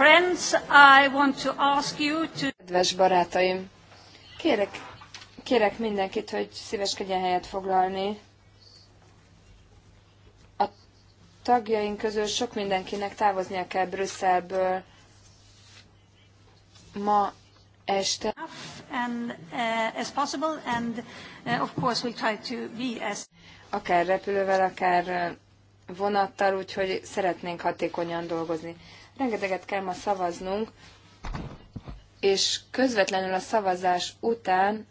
friends, I want to ask you to... Kedves barátaim, kérek, kérek mindenkit, hogy szíveskedjen helyet foglalni. A tagjaink közül sok mindenkinek távoznia kell Brüsszelből ma este. And, uh, as possible, and uh, of course we'll try to be as... Akár repülővel, akár vonattal, úgyhogy szeretnénk hatékonyan dolgozni rengeteget kell ma szavaznunk, és közvetlenül a szavazás után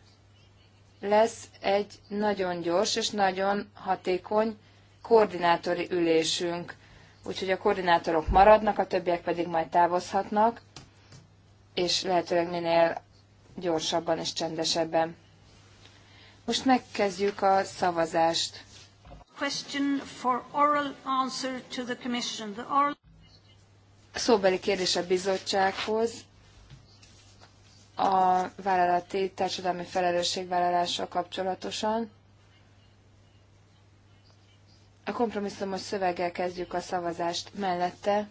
lesz egy nagyon gyors és nagyon hatékony koordinátori ülésünk. Úgyhogy a koordinátorok maradnak, a többiek pedig majd távozhatnak, és lehetőleg minél gyorsabban és csendesebben. Most megkezdjük a szavazást. Question for oral answer to the commission. The oral... Szóbeli kérdés a bizottsághoz. A vállalati társadalmi felelősségvállalással kapcsolatosan. A kompromisszumos szöveggel kezdjük a szavazást mellette.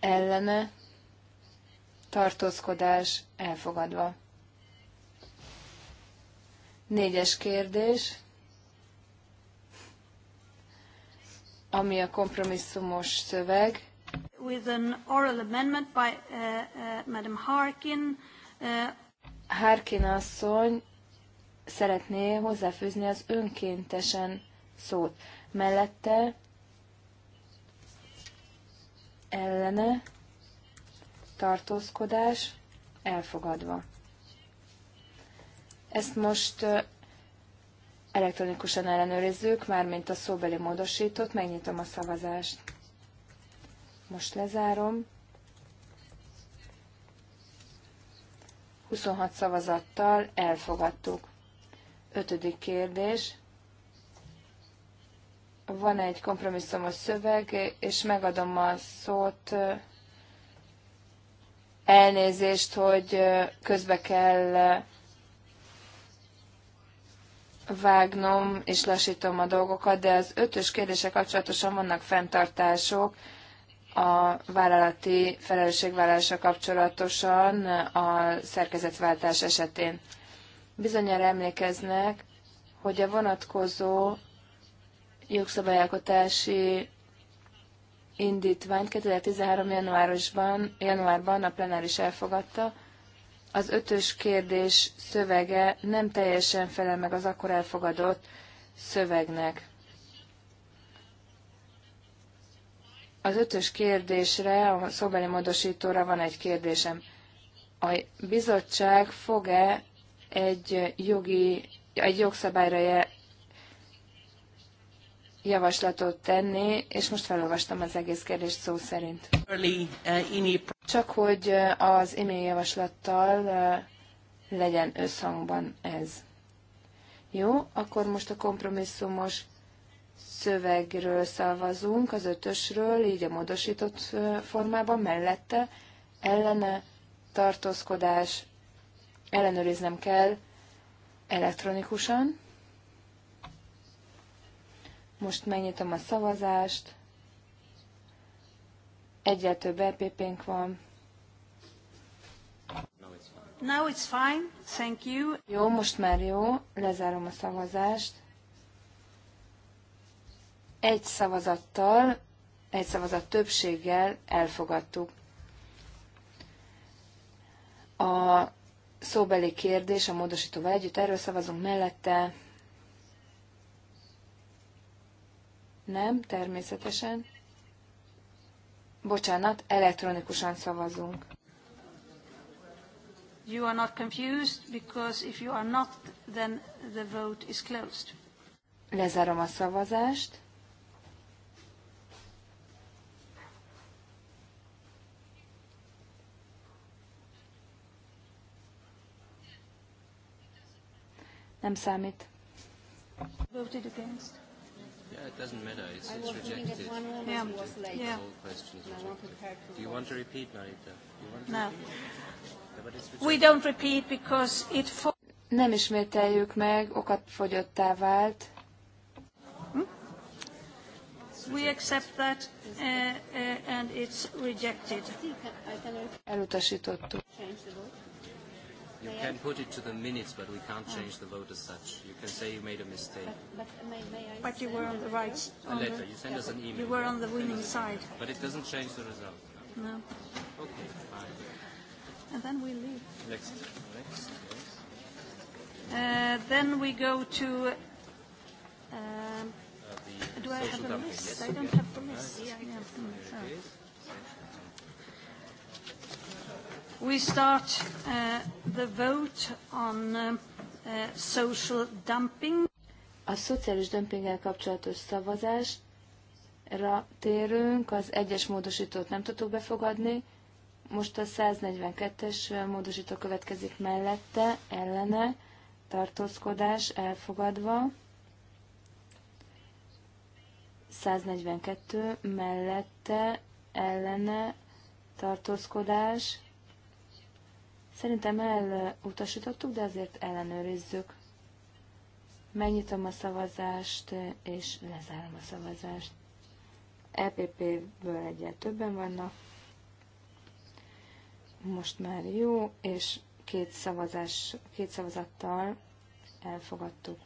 Ellene. Tartózkodás elfogadva. Négyes kérdés. ami a kompromisszumos szöveg. With an oral amendment by uh, uh, Madam Harkin. Uh, Harkin asszony szeretné hozzáfűzni az önkéntesen szót. Mellette ellene tartózkodás elfogadva. Ezt most uh, Elektronikusan ellenőrizzük, mármint a szóbeli módosított, megnyitom a szavazást. Most lezárom. 26 szavazattal elfogadtuk. Ötödik kérdés. Van egy kompromisszumos szöveg, és megadom a szót elnézést, hogy közbe kell vágnom, és lassítom a dolgokat, de az ötös kérdése kapcsolatosan vannak fenntartások a vállalati felelősségvállalása kapcsolatosan a szerkezetváltás esetén. Bizonyára emlékeznek, hogy a vonatkozó jogszabályalkotási indítványt 2013. januárosban, januárban a plenáris elfogadta, az ötös kérdés szövege nem teljesen felel meg az akkor elfogadott szövegnek. Az ötös kérdésre, a szóbeli módosítóra van egy kérdésem. A bizottság fog-e egy jogi, egy jogszabályra javaslatot tenni, és most felolvastam az egész kérdést szó szerint. Uh, Csak hogy uh, az e-mail javaslattal uh, legyen összhangban ez. Jó, akkor most a kompromisszumos szövegről szavazunk, az ötösről, így a módosított formában, mellette, ellene, tartózkodás, ellenőriznem kell elektronikusan. Most megnyitom a szavazást. Egyel több RPP-nk van. Now it's fine. Thank you. Jó, most már jó. Lezárom a szavazást. Egy szavazattal, egy szavazat többséggel elfogadtuk. A szóbeli kérdés a módosítóval együtt, erről szavazunk mellette, Nem, természetesen. Bocsánat, elektronikusan szavazunk. You are not confused, because if you are not, then the vote is closed. Lezárom a szavazást. Nem számít. Voted against it doesn't matter. It's, I it's was rejected. That one woman yeah. was late. Yeah. The whole question is rejected. Do you want to repeat, Marita? you want to no. Repeat? Yeah, We don't repeat because it. Nem ismételjük meg, okat fogyottá vált. Hmm? We accept that uh, uh, and it's rejected. Elutasítottuk. Change the vote. You may can I? put it to the minutes, but we can't change the vote as such. You can say you made a mistake. But, but, may, may I but you were on the right. a letter. you send yeah, us an email. You were on the winning side. But it doesn't change the result. No. no. Okay, fine. And then we leave. Next. Next. Yes. Uh, then we go to. Uh, uh do I have a list? Yes. I don't have the list. Yeah, I yeah. Mm. Oh. We start uh, the vote on um, uh, social dumping. A szociális dömpinggel kapcsolatos szavazásra térünk, az egyes módosítót nem tudtuk befogadni. Most a 142-es uh, módosító következik mellette, ellene, tartózkodás elfogadva. 142 mellette, ellene, tartózkodás Szerintem elutasítottuk, de azért ellenőrizzük. Megnyitom a szavazást, és lezárom a szavazást. EPP-ből egyet többen vannak. Most már jó, és két, szavazás, két szavazattal elfogadtuk.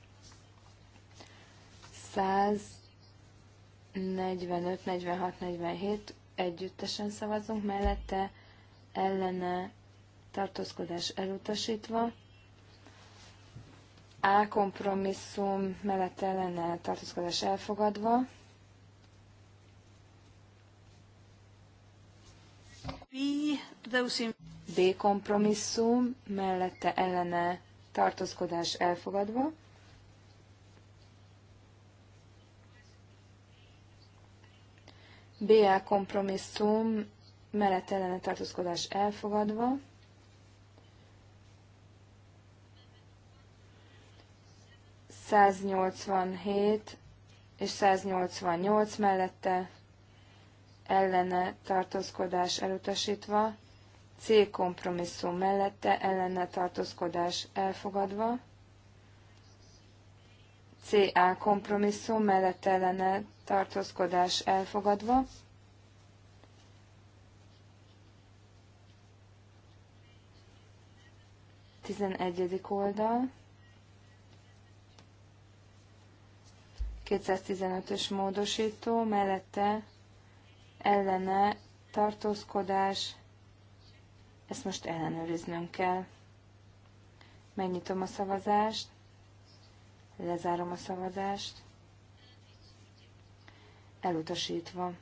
145, 46, 47 együttesen szavazunk mellette, ellene tartózkodás elutasítva, A kompromisszum mellett ellene tartózkodás elfogadva, B B kompromisszum mellette ellene tartózkodás elfogadva, BA kompromisszum mellett ellene tartózkodás elfogadva, 187 és 188 mellette ellene tartózkodás elutasítva, C kompromisszum mellette ellene tartózkodás elfogadva, CA kompromisszum mellette ellene tartózkodás elfogadva, Tizenegyedik oldal. 215-ös módosító, mellette ellene tartózkodás, ezt most ellenőriznünk kell. Megnyitom a szavazást, lezárom a szavazást, elutasítva.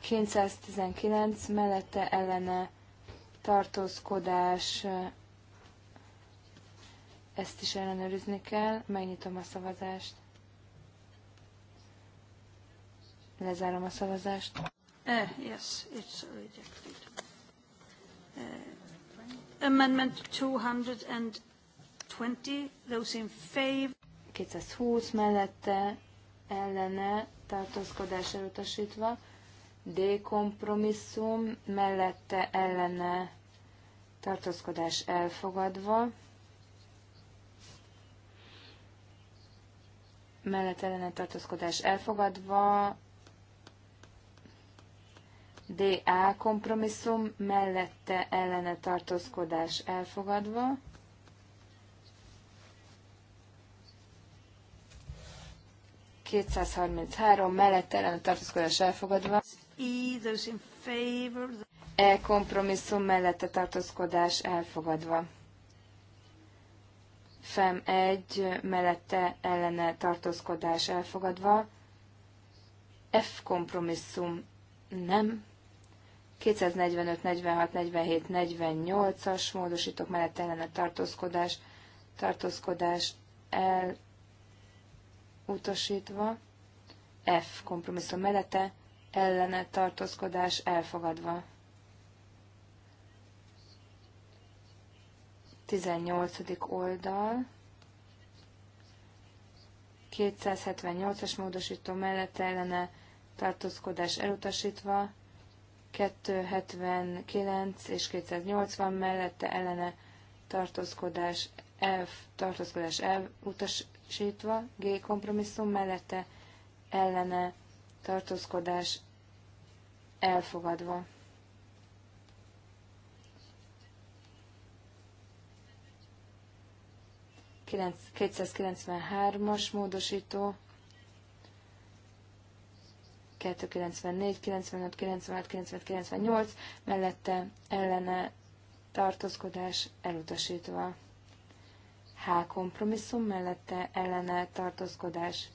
219 mellette ellene tartózkodás ezt is ellenőrizni kell. Megnyitom a szavazást. Lezárom a szavazást. Eh, yes, it's rejected. Uh, amendment 220, those in favor. 220 mellette ellene tartózkodás elutasítva, D kompromisszum mellette ellene tartózkodás elfogadva, mellett ellene tartózkodás elfogadva, DA kompromisszum mellette ellene tartózkodás elfogadva, ...233 mellette ellene tartózkodás elfogadva. E, e kompromisszum mellette tartózkodás elfogadva. FEM 1 mellette ellene tartózkodás elfogadva, F kompromisszum nem, 245, 46, 47, 48-as módosítok mellett ellene tartózkodás, tartózkodás elutasítva, F kompromisszum mellette ellene tartózkodás elfogadva. 18. oldal, 278-as módosító mellett ellene tartózkodás elutasítva, 279 és 280 mellette ellene tartózkodás F tartózkodás elutasítva, G kompromisszum mellette ellene tartózkodás elfogadva. 293-as módosító, 294, 95, 96, 97, 98, mellette ellene tartózkodás elutasítva. H. Kompromisszum mellette ellene tartózkodás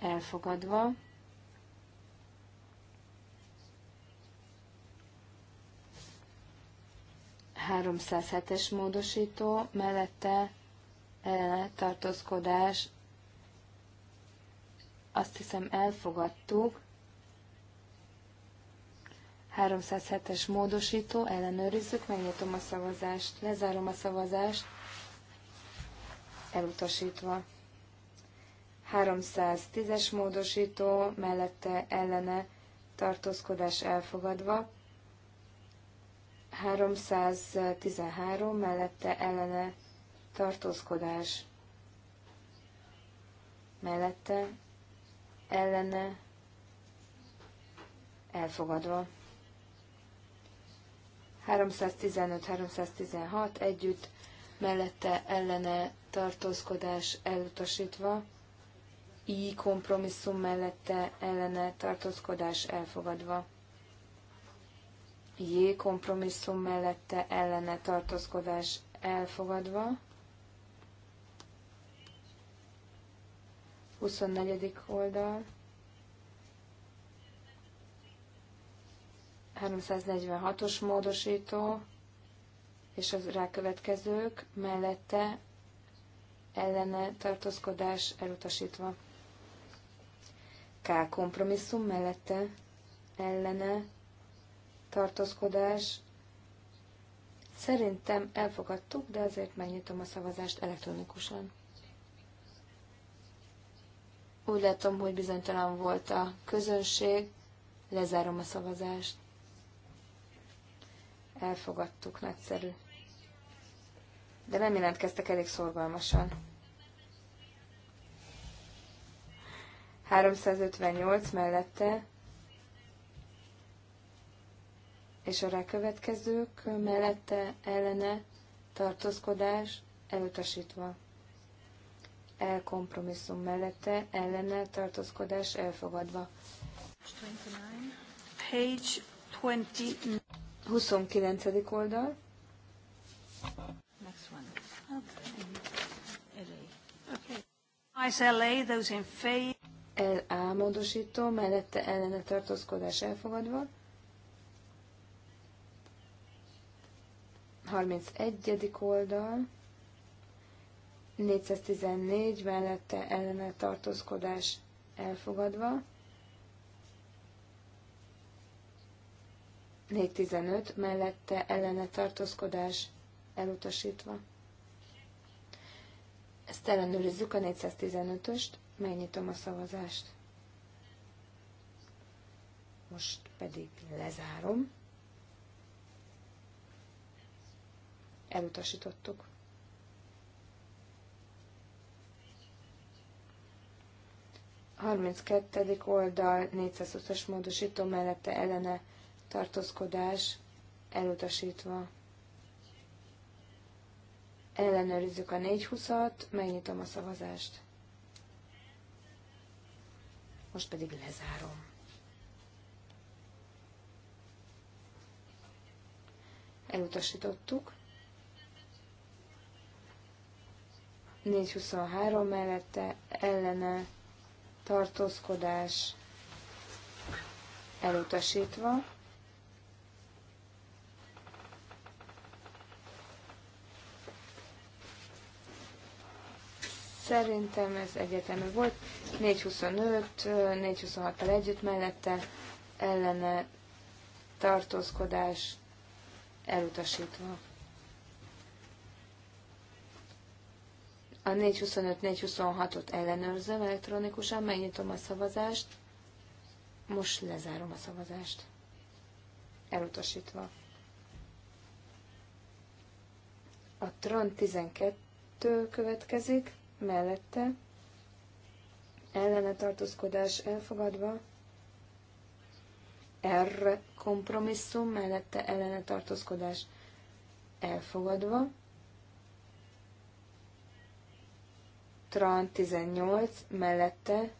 elfogadva. Háromszázhetes módosító mellette ellene tartózkodás, azt hiszem elfogadtuk. 307-es módosító, ellenőrizzük, megnyitom a szavazást, lezárom a szavazást, elutasítva. 310-es módosító, mellette ellene tartózkodás elfogadva. 313 mellette ellene tartózkodás mellette, ellene, elfogadva. 315-316 együtt, mellette ellene tartózkodás elutasítva, így kompromisszum mellette ellene tartózkodás elfogadva. J kompromisszum mellette ellene tartózkodás elfogadva. 24. oldal, 346-os módosító, és az rákövetkezők mellette ellene tartózkodás elutasítva. K. Kompromisszum mellette ellene tartózkodás. Szerintem elfogadtuk, de azért megnyitom a szavazást elektronikusan. Úgy látom, hogy bizonytalan volt a közönség. Lezárom a szavazást. Elfogadtuk, nagyszerű. De nem jelentkeztek elég szorgalmasan. 358 mellette, és a rákövetkezők mellette ellene tartózkodás elutasítva. E kompromisszum mellette ellene tartózkodás elfogadva. Page 29. oldal. Next one. LA módosító, mellette ellene tartózkodás elfogadva. 31. oldal. 414 mellette ellene tartózkodás elfogadva, 415 mellette ellene tartózkodás elutasítva. Ezt ellenőrizzük a 415-öst, megnyitom a szavazást. Most pedig lezárom. Elutasítottuk. 32. oldal 420-as módosító mellette ellene tartózkodás elutasítva. Ellenőrizzük a 420-at, megnyitom a szavazást. Most pedig lezárom. Elutasítottuk. 423 mellette ellene tartózkodás elutasítva. Szerintem ez egyetemű volt. 4.25, 4.26-tal együtt mellette ellene tartózkodás elutasítva. a 425-426-ot ellenőrzöm elektronikusan, megnyitom a szavazást, most lezárom a szavazást. Elutasítva. A Tron 12 következik, mellette ellene tartózkodás elfogadva, R kompromisszum mellette ellene tartózkodás elfogadva, Tran 18 mellette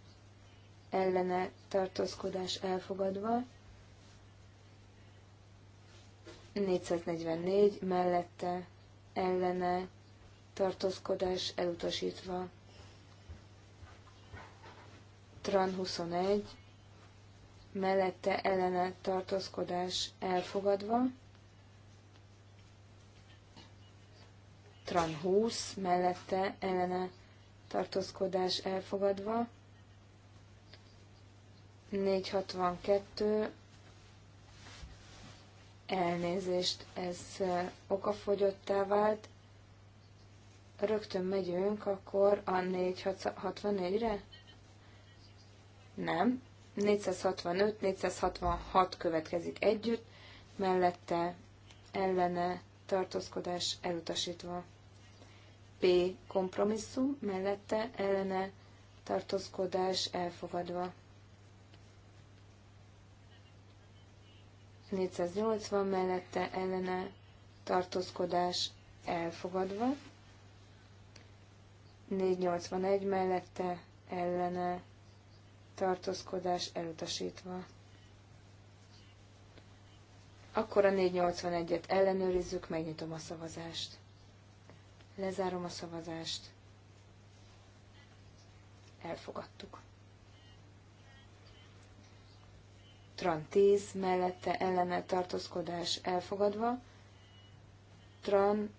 ellene tartózkodás elfogadva, 444 mellette ellene tartózkodás elutasítva, Tran 21 mellette ellene tartózkodás elfogadva, Tran 20 mellette ellene tartózkodás elfogadva, 462, elnézést, ez eh, okafogyottá vált, rögtön megyünk, akkor a 464-re? Nem, 465, 466 következik együtt, mellette ellene tartózkodás elutasítva. B kompromisszum, mellette ellene tartózkodás elfogadva. 480 mellette ellene tartózkodás elfogadva. 481 mellette ellene tartózkodás elutasítva. Akkor a 481-et ellenőrizzük, megnyitom a szavazást. Lezárom a szavazást. Elfogadtuk. Tran 10, mellette ellene tartózkodás elfogadva. Tran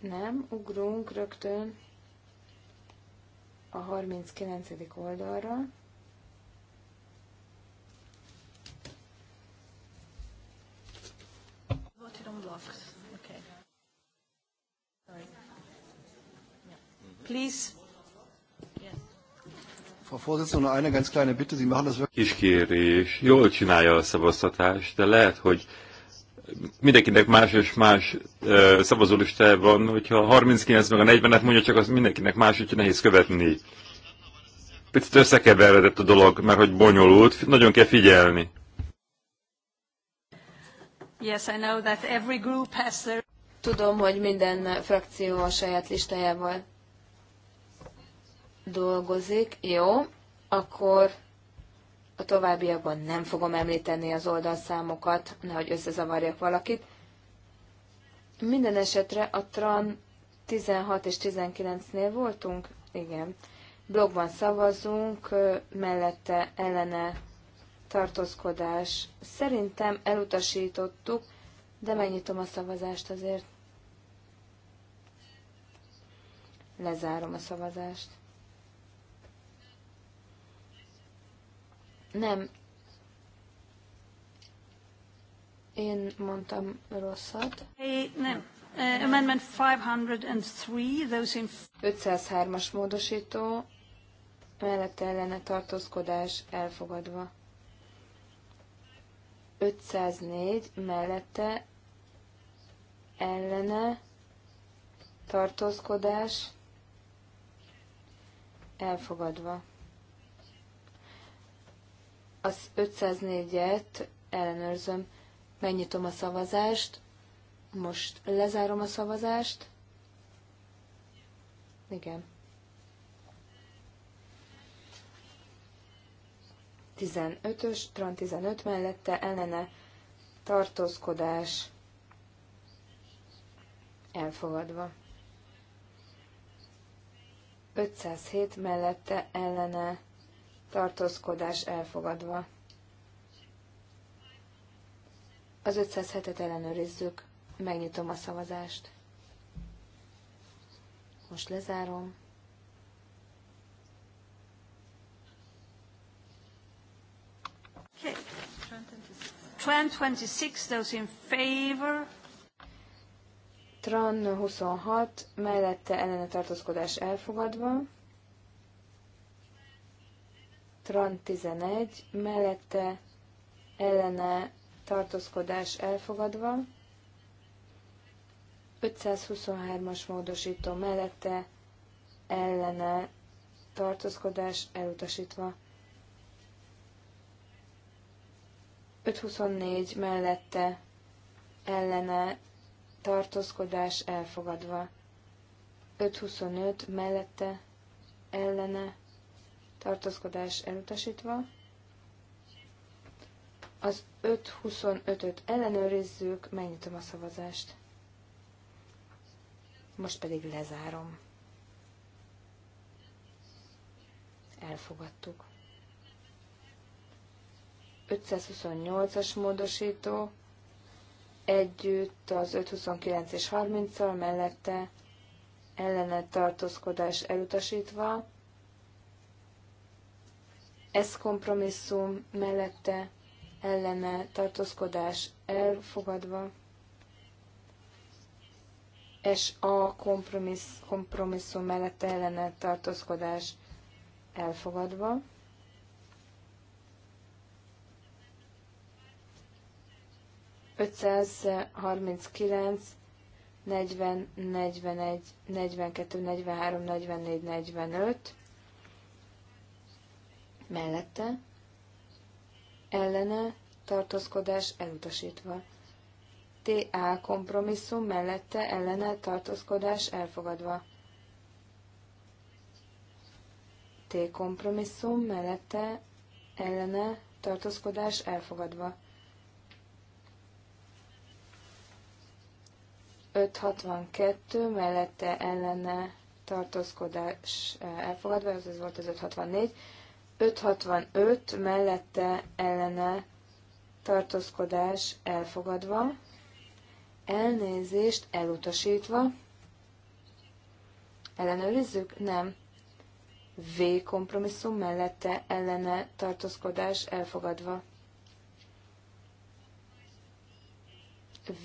nem, ugrunk rögtön a 39. oldalra. on blocks. Okay. Sorry. Please. Kis kérés, jól csinálja a szavaztatást, de lehet, hogy mindenkinek más és más szavazólista van, hogyha a 39 meg a 40-et mondja, csak az mindenkinek más, hogyha nehéz követni. Picit összekeveredett a dolog, mert hogy bonyolult, nagyon kell figyelni. Yes, I know that every group has their... Tudom, hogy minden frakció a saját listájával dolgozik. Jó, akkor a továbbiakban nem fogom említeni az oldalszámokat, nehogy összezavarjak valakit. Minden esetre a TRAN 16 és 19-nél voltunk? Igen. Blogban szavazunk, mellette ellene tartózkodás. Szerintem elutasítottuk, de megnyitom a szavazást azért. Lezárom a szavazást. Nem. Én mondtam rosszat. Hey, nem. Uh, amendment 503, those in... 503-as módosító, mellette ellene tartózkodás elfogadva. 504 mellette ellene tartózkodás elfogadva. Az 504-et ellenőrzöm, megnyitom a szavazást, most lezárom a szavazást. Igen. 15-ös, Tran 15 mellette ellene tartózkodás elfogadva. 507 mellette ellene tartózkodás elfogadva. Az 507-et ellenőrizzük, megnyitom a szavazást. Most lezárom. Okay. 26. those in favor. Tran 26, mellette ellene tartózkodás elfogadva. Tran 11, mellette ellene tartózkodás elfogadva. 523-as módosító mellette ellene tartózkodás elutasítva. 524 mellette ellene tartózkodás elfogadva. 525 mellette ellene tartózkodás elutasítva. Az 525-öt ellenőrizzük, megnyitom a szavazást. Most pedig lezárom. Elfogadtuk. 528-as módosító együtt az 529 és 30-al mellette ellene tartózkodás elutasítva, ez kompromisszum mellette ellene tartózkodás elfogadva, és a kompromissz, kompromisszum mellette ellene tartózkodás elfogadva. 539, 40, 41, 42, 43, 44, 45 mellette, ellene tartózkodás elutasítva. TA kompromisszum mellette ellene tartózkodás elfogadva. T kompromisszum mellette ellene tartózkodás elfogadva. 562 mellette ellene tartózkodás eh, elfogadva, ez volt az 564. 565 mellette ellene tartózkodás elfogadva, elnézést elutasítva, ellenőrizzük? Nem. V kompromisszum mellette ellene tartózkodás elfogadva.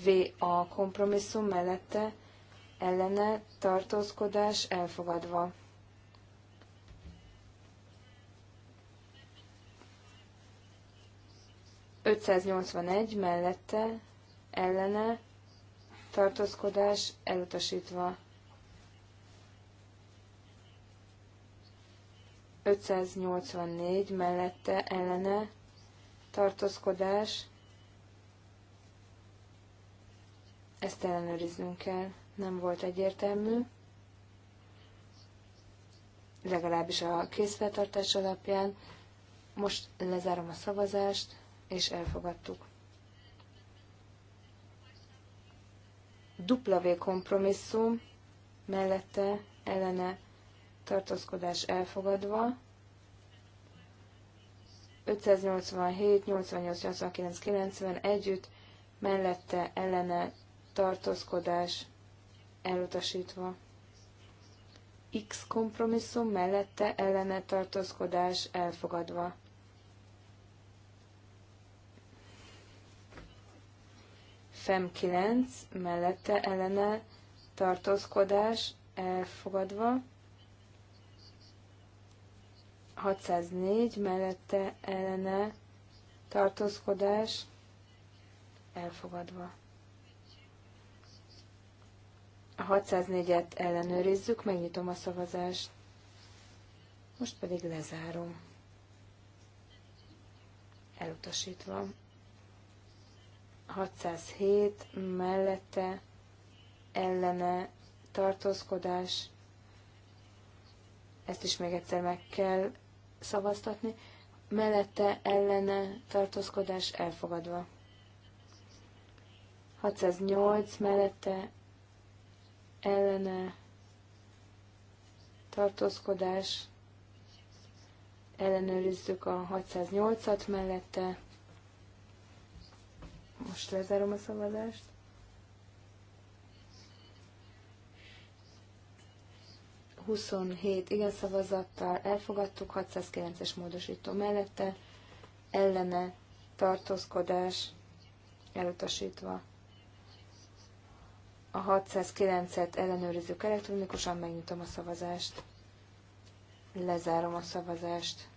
VA kompromisszum mellette ellene tartózkodás elfogadva. egy mellette ellene tartózkodás elutasítva. 584 mellette ellene tartózkodás Ezt ellenőriznünk kell, nem volt egyértelmű. Legalábbis a készfeltartás alapján. Most lezárom a szavazást, és elfogadtuk. W kompromisszum, mellette ellene tartózkodás elfogadva, 587, 88, 89, 90 együtt, mellette ellene tartózkodás elutasítva. X kompromisszum mellette ellene tartózkodás elfogadva. FEM 9 mellette ellene tartózkodás elfogadva. 604 mellette ellene tartózkodás elfogadva. A 604-et ellenőrizzük, megnyitom a szavazást. Most pedig lezárom. Elutasítva. 607 mellette ellene tartózkodás. Ezt is még egyszer meg kell szavaztatni. Mellette ellene tartózkodás elfogadva. 608 mellette ellene tartózkodás, ellenőrizzük a 608-at mellette. Most lezárom a szavazást. Huszonhét igen szavazattal elfogadtuk, 609-es módosító mellette, ellene tartózkodás elutasítva. A 609-et ellenőrizzük elektronikusan, megnyitom a szavazást. Lezárom a szavazást.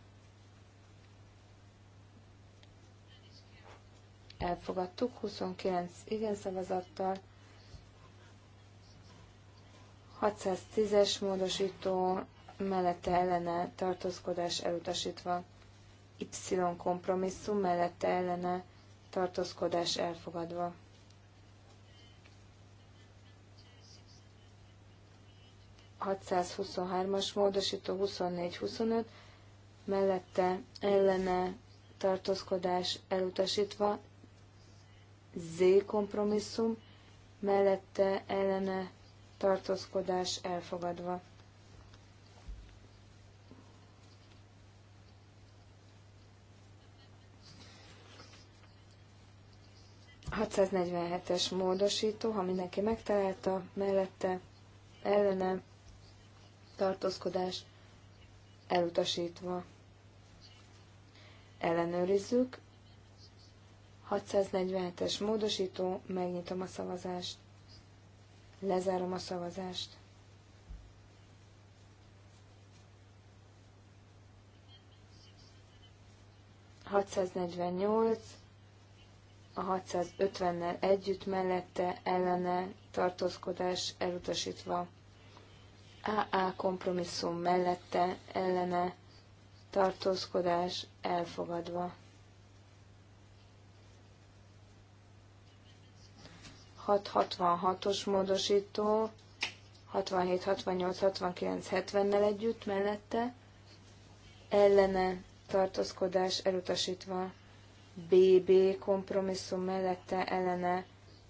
Elfogadtuk 29 igen szavazattal. 610-es módosító mellette ellene tartózkodás elutasítva. Y kompromisszum mellette ellene tartózkodás elfogadva. 623-as módosító 24-25, mellette ellene tartózkodás elutasítva, Z kompromisszum, mellette ellene tartózkodás elfogadva. es módosító, ha mindenki megtalálta, mellette ellenem tartózkodás elutasítva. Ellenőrizzük. 647-es módosító, megnyitom a szavazást, lezárom a szavazást. ...648, a 650-nel együtt mellette ellene tartózkodás elutasítva. AA kompromisszum mellette ellene tartózkodás elfogadva. os módosító 67, 68, 69, 70-nel együtt mellette ellene tartózkodás elutasítva. BB kompromisszum mellette ellene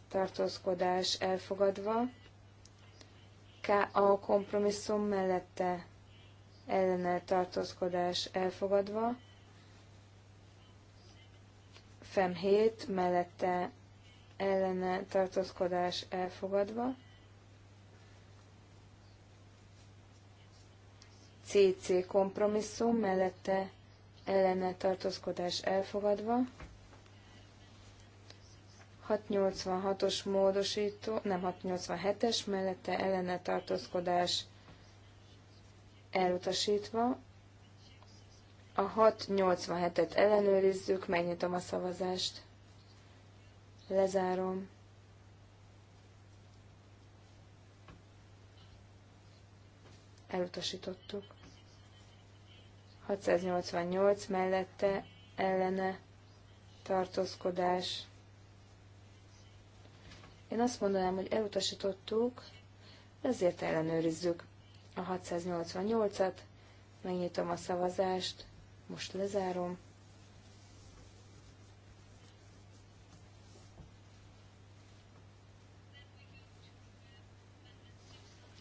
tartózkodás elfogadva a kompromisszum mellette ellene tartózkodás elfogadva, FEM 7 mellette ellene tartózkodás elfogadva, CC kompromisszum mellette ellene tartózkodás elfogadva, 686-os módosító, nem 687-es, mellette ellene tartózkodás elutasítva. A 687-et ellenőrizzük, megnyitom a szavazást. Lezárom. Elutasítottuk. 688 mellette ellene tartózkodás én azt mondanám, hogy elutasítottuk, ezért ellenőrizzük a 688-at, megnyitom a szavazást, most lezárom.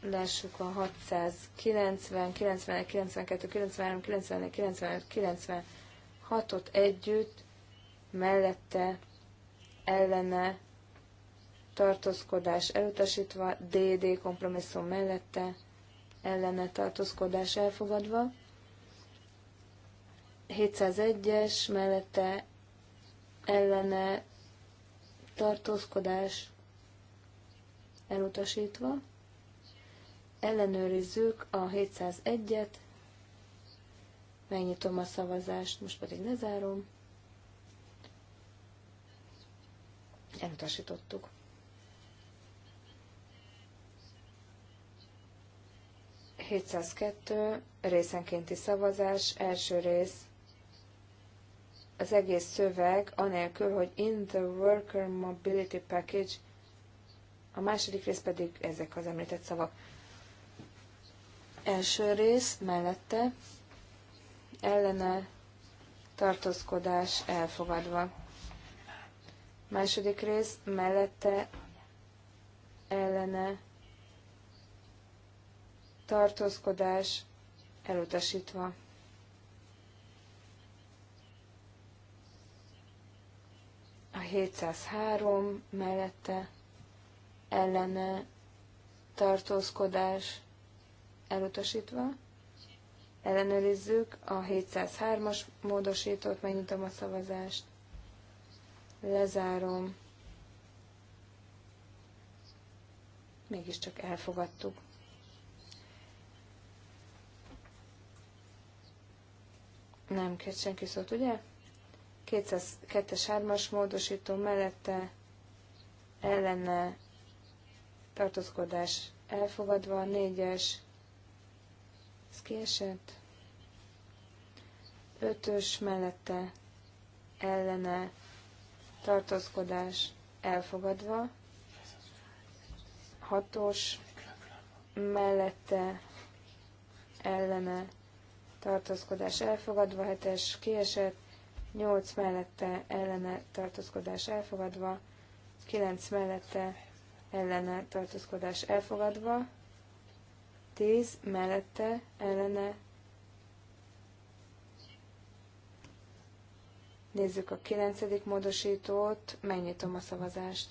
Lássuk a 690, 90, 92, 93, 94, 95, 96-ot együtt, mellette, ellene, tartózkodás elutasítva, DD kompromisszum mellette, ellene tartózkodás elfogadva, 701-es mellette ellene tartózkodás elutasítva, ellenőrizzük a 701-et, megnyitom a szavazást, most pedig lezárom, elutasítottuk. 702 részenkénti szavazás, első rész, az egész szöveg, anélkül, hogy in the worker mobility package, a második rész pedig ezek az említett szavak. Első rész mellette ellene tartózkodás elfogadva. Második rész mellette ellene tartózkodás elutasítva. A 703 mellette ellene tartózkodás elutasítva. Ellenőrizzük a 703-as módosítót, megnyitom a szavazást. Lezárom. Mégiscsak elfogadtuk. Nem kért senki szót, ugye? 202-es 3-as módosító mellette ellene tartózkodás elfogadva, 4-es ez kiesett, 5-ös mellette ellene tartózkodás elfogadva, 6-os mellette ellene tartózkodás elfogadva, 7-es kiesett, 8 mellette ellene tartózkodás elfogadva, 9 mellette ellene tartózkodás elfogadva, 10 mellette ellene Nézzük a 9. módosítót, megnyitom a szavazást.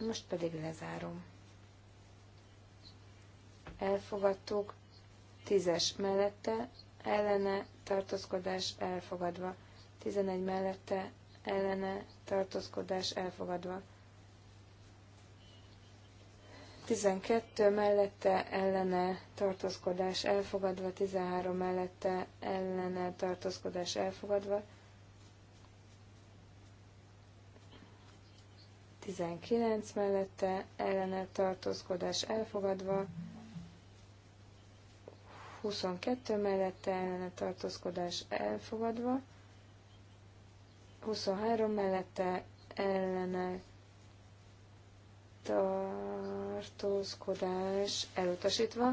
Most pedig lezárom. Elfogadtuk tízes mellette ellene tartózkodás elfogadva. tizenegy mellette ellene tartózkodás elfogadva. tizenkettő mellette ellene tartózkodás elfogadva, tizenhárom mellette ellene tartózkodás elfogadva, 19 mellette ellene tartózkodás elfogadva, 22 mellette ellene tartózkodás elfogadva, 23 mellette ellene tartózkodás elutasítva.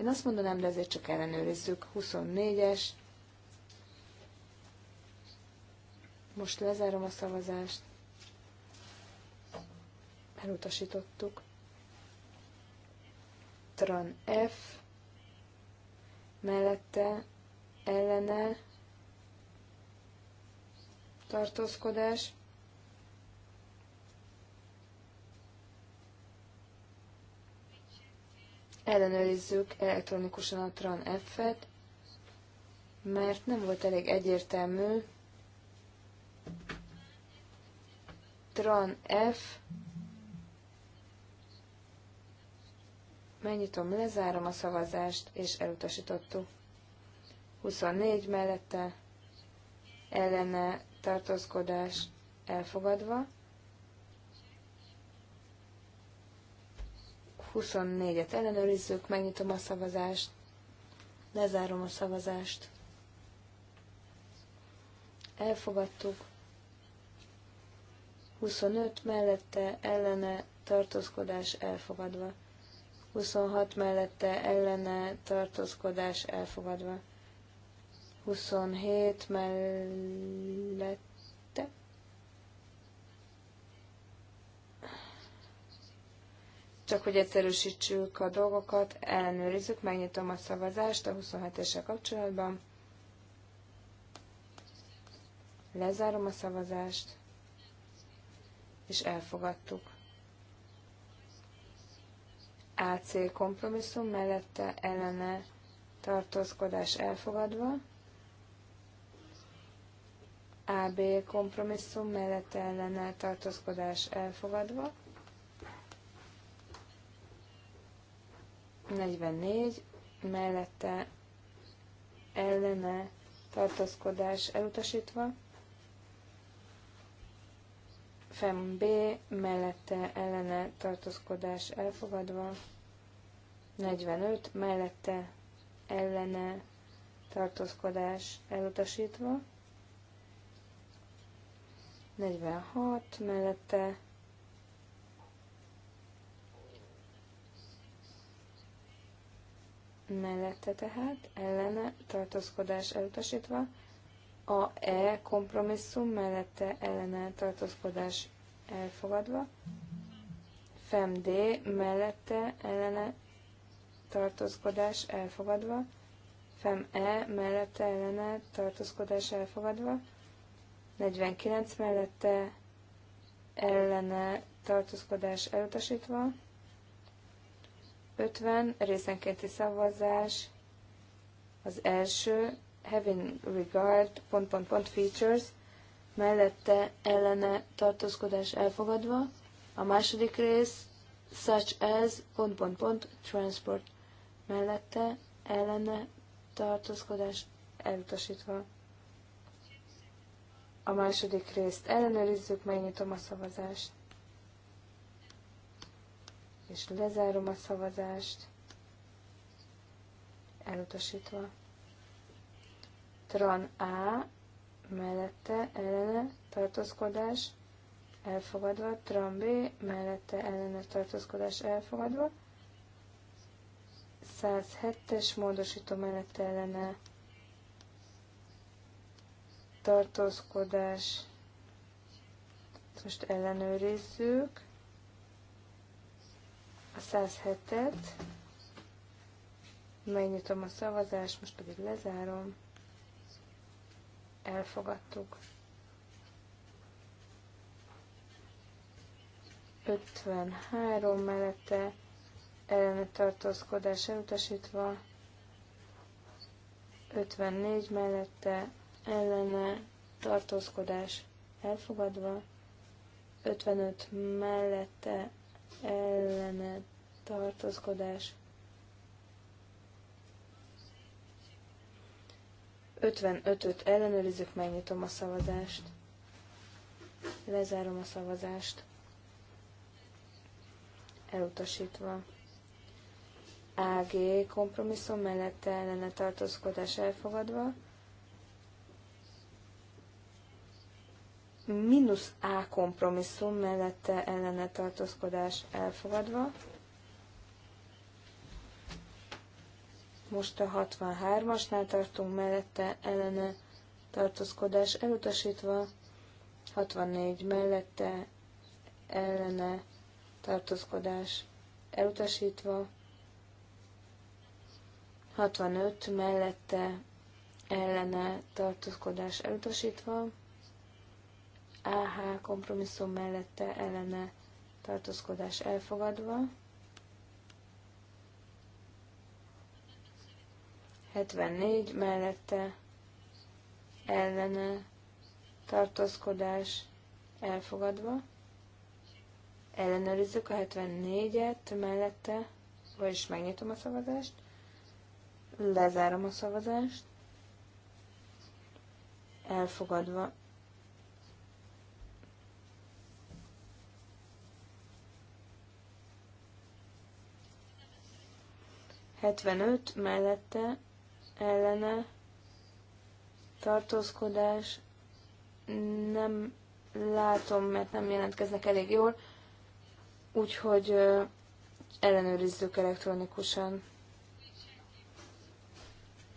Én azt mondanám, de ezért csak ellenőrizzük. 24-es. Most lezárom a szavazást. Elutasítottuk. Tran F mellette ellene tartózkodás. Ellenőrizzük elektronikusan a TRAN F-et, mert nem volt elég egyértelmű. TRAN F Megnyitom, lezárom a szavazást, és elutasítottuk. 24 mellette ellene tartózkodás elfogadva. 24-et ellenőrizzük, megnyitom a szavazást, lezárom a szavazást. Elfogadtuk. 25 mellette ellene tartózkodás elfogadva. 26 mellette ellene tartózkodás elfogadva. 27 mellette. Csak hogy egyszerűsítsük a dolgokat, ellenőrizzük, megnyitom a szavazást a 27 esek kapcsolatban. Lezárom a szavazást, és elfogadtuk. AC kompromisszum mellette ellene tartózkodás elfogadva, AB kompromisszum mellette ellene tartózkodás elfogadva, 44 mellette ellene tartózkodás elutasítva, Fem B mellette ellene tartózkodás elfogadva. 45 mellette ellene tartózkodás elutasítva. 46 mellette mellette tehát ellene tartózkodás elutasítva, a E kompromisszum mellette ellene tartózkodás elfogadva. FemD mellette ellene tartózkodás elfogadva. FemE mellette ellene tartózkodás elfogadva. 49 mellette ellene tartózkodás elutasítva. 50 részenkénti szavazás. Az első having regard, pont, pont, pont features mellette ellene tartózkodás elfogadva, a második rész such as pont, pont, pont, transport mellette ellene tartózkodás elutasítva. A második részt ellenőrizzük, megnyitom a szavazást. És lezárom a szavazást. Elutasítva. Tran A mellette ellene tartózkodás elfogadva, tram B mellette ellene tartózkodás elfogadva, 107-es módosító mellette ellene tartózkodás most ellenőrizzük a 107-et megnyitom a szavazást most pedig lezárom elfogadtuk. 53 mellette ellene tartózkodás elutasítva, 54 mellette ellene tartózkodás elfogadva, 55 mellette ellene tartózkodás 55-öt ellenőrizzük, megnyitom a szavazást. Lezárom a szavazást. Elutasítva. AG kompromisszum mellette ellene tartózkodás elfogadva. Minusz A kompromisszum mellette ellene tartózkodás elfogadva. most a 63-asnál tartunk mellette ellene tartózkodás elutasítva, 64 mellette ellene tartózkodás elutasítva, 65 mellette ellene tartózkodás elutasítva, AH kompromisszum mellette ellene tartózkodás elfogadva, 74 mellette ellene tartózkodás elfogadva. Ellenőrizzük a 74-et mellette, vagyis megnyitom a szavazást, lezárom a szavazást, elfogadva. Hetvenöt mellette ellene tartózkodás nem látom, mert nem jelentkeznek elég jól, úgyhogy ellenőrizzük elektronikusan.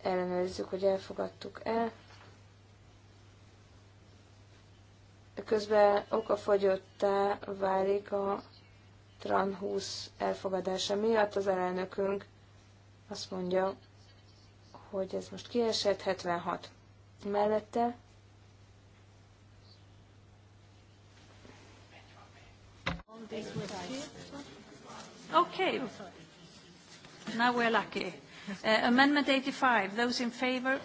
Ellenőrizzük, hogy elfogadtuk-e. Közben okafogyottá válik a TRAN 20 elfogadása miatt az elnökünk azt mondja, hogy ez most kiesett, 76 mellette. Okay. Now we're lucky. Uh, amendment 85, those in favor?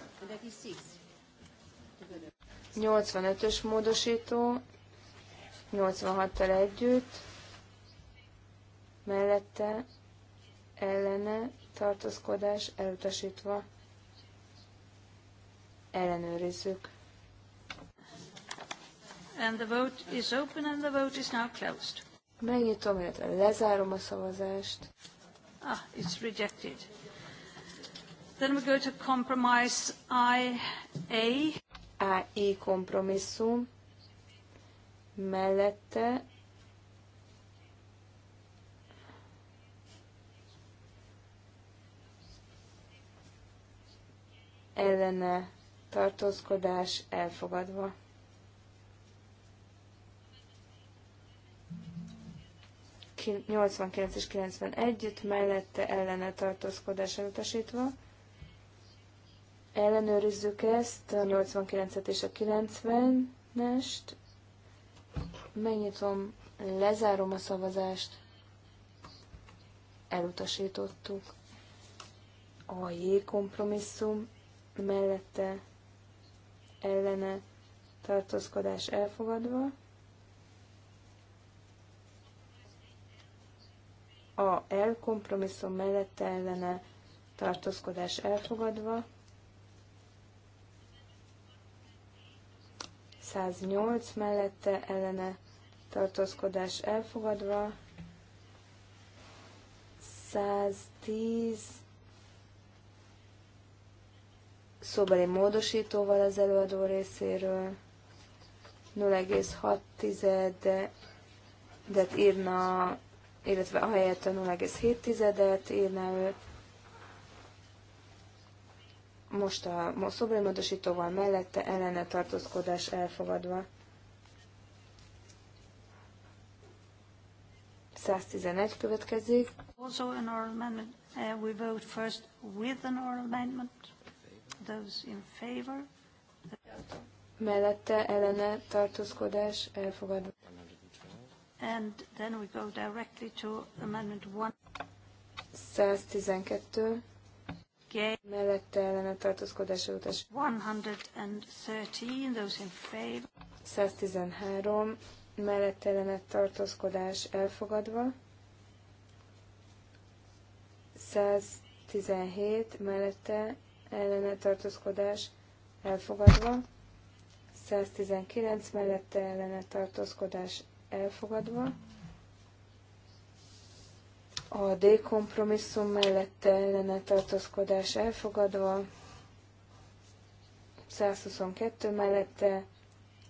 85-ös módosító, 86-tal együtt, mellette ellene tartózkodás elutasítva ellenőrizzük. And the vote is open and the vote is now closed. Megnyitom, illetve lezárom a szavazást. Ah, it's rejected. Then we go to compromise IA. AI kompromisszum. Mellette ellene tartózkodás elfogadva. Ki, 89 és 90 együtt, mellette ellene tartózkodás elutasítva. Ellenőrizzük ezt, a 89-et és a 90-est. Megnyitom, lezárom a szavazást. Elutasítottuk. A J kompromisszum mellette ellene tartózkodás elfogadva, a L kompromisszum mellette ellene tartózkodás elfogadva, 108 mellette ellene tartózkodás elfogadva, 110 szóbeli módosítóval az előadó részéről. 06 de írna, illetve helyett a 0,7-et írna ő. Most a szobrai módosítóval mellette ellene tartózkodás elfogadva. 111 következik. Also an oral amendment. Uh, we vote first with an oral amendment. Those in favor? Mellette ellene tartózkodás elfogadva. And then we go directly to amendment 1. 112. Gay. Mellette ellene tartózkodás utas. 113, those in favor. 113. Mellette ellene tartózkodás elfogadva. 117 mellette ellene tartózkodás elfogadva, 119 mellette ellene tartózkodás elfogadva, a D kompromisszum mellette ellene tartózkodás elfogadva, 122 mellette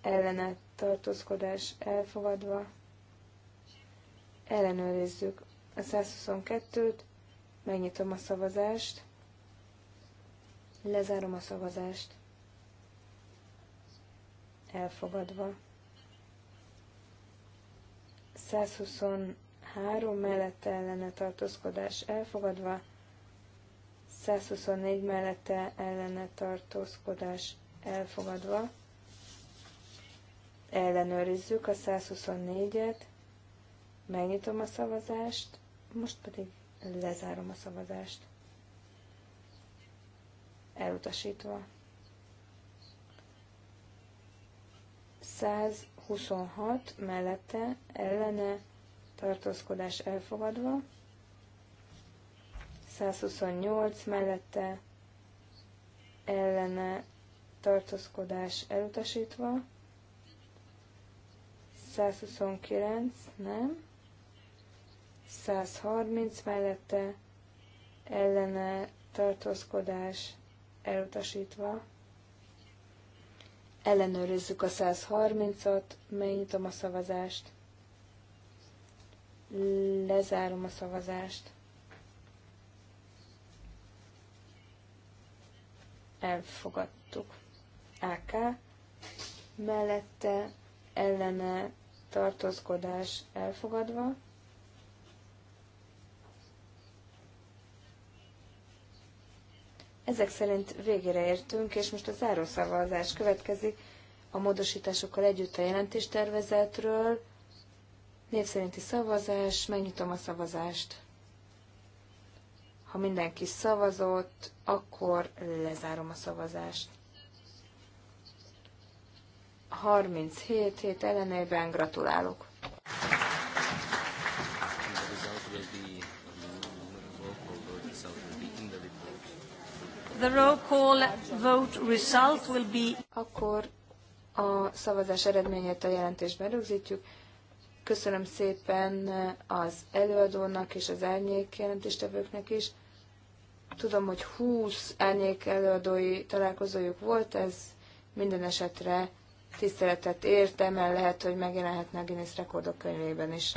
ellene tartózkodás elfogadva, ellenőrizzük a 122-t, megnyitom a szavazást, Lezárom a szavazást. Elfogadva. 123 mellette ellene tartózkodás elfogadva. 124 mellette ellene tartózkodás elfogadva. Ellenőrizzük a 124-et. Megnyitom a szavazást, most pedig lezárom a szavazást elutasítva. 126 mellette ellene tartózkodás elfogadva, 128 mellette ellene tartózkodás elutasítva, 129 nem, 130 mellette ellene tartózkodás elutasítva. Ellenőrizzük a 130-at, megnyitom a szavazást, lezárom a szavazást, elfogadtuk. AK mellette ellene tartózkodás elfogadva, Ezek szerint végére értünk, és most a zárószavazás következik a módosításokkal együtt a jelentéstervezetről. Név szerinti szavazás, megnyitom a szavazást. Ha mindenki szavazott, akkor lezárom a szavazást. 37 hét ellenében gratulálok. The roll call vote result will be... Akkor a szavazás eredményét a jelentésben rögzítjük. Köszönöm szépen az előadónak és az árnyék jelentéstevőknek is. Tudom, hogy 20 árnyék előadói találkozójuk volt, ez minden esetre tiszteletet értem, el lehet, hogy megjelenhetne a Guinness rekordok könyvében is.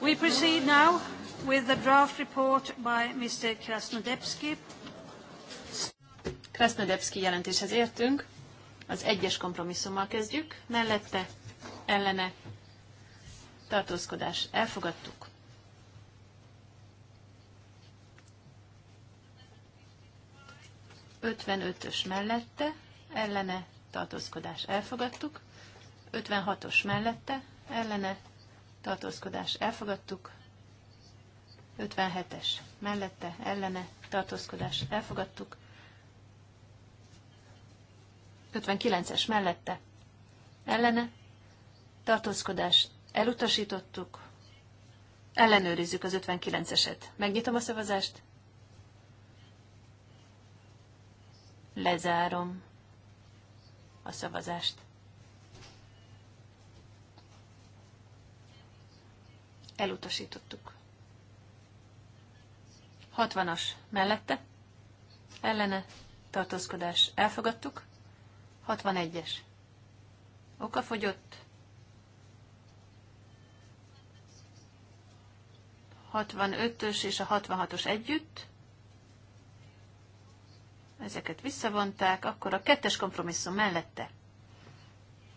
We proceed now with the draft report by Mr. Krasnodebski. Krasnodebski jelentéshez értünk. Az egyes kompromisszummal kezdjük. Mellette, ellene, tartózkodás. Elfogadtuk. ös mellette, ellene, tartózkodás. Elfogadtuk. 56-os mellette, ellene, tartózkodás. Elfogadtuk. 57-es mellette, ellene, tartózkodás elfogadtuk. 59-es mellette, ellene, tartózkodás elutasítottuk. Ellenőrizzük az 59-eset. Megnyitom a szavazást. Lezárom a szavazást. Elutasítottuk. 60-as mellette, ellene tartózkodás elfogadtuk, 61-es okafogyott, 65-ös és a 66-os együtt, ezeket visszavonták, akkor a kettes kompromisszum mellette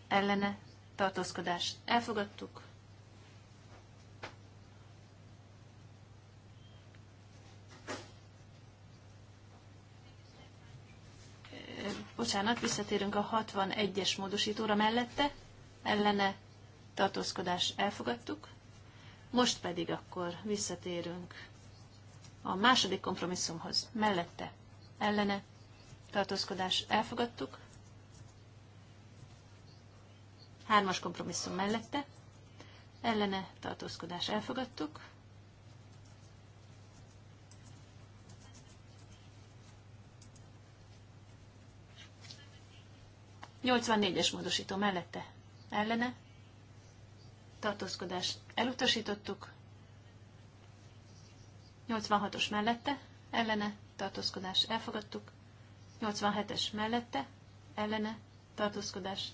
ellene tartózkodást elfogadtuk, bocsánat, visszatérünk a 61-es módosítóra mellette, ellene tartózkodás elfogadtuk. Most pedig akkor visszatérünk a második kompromisszumhoz. Mellette, ellene tartózkodás elfogadtuk. Hármas kompromisszum mellette, ellene tartózkodás elfogadtuk. 84-es módosító mellette ellene tartózkodás elutasítottuk. 86-os mellette ellene tartózkodás elfogadtuk. 87-es mellette ellene tartózkodás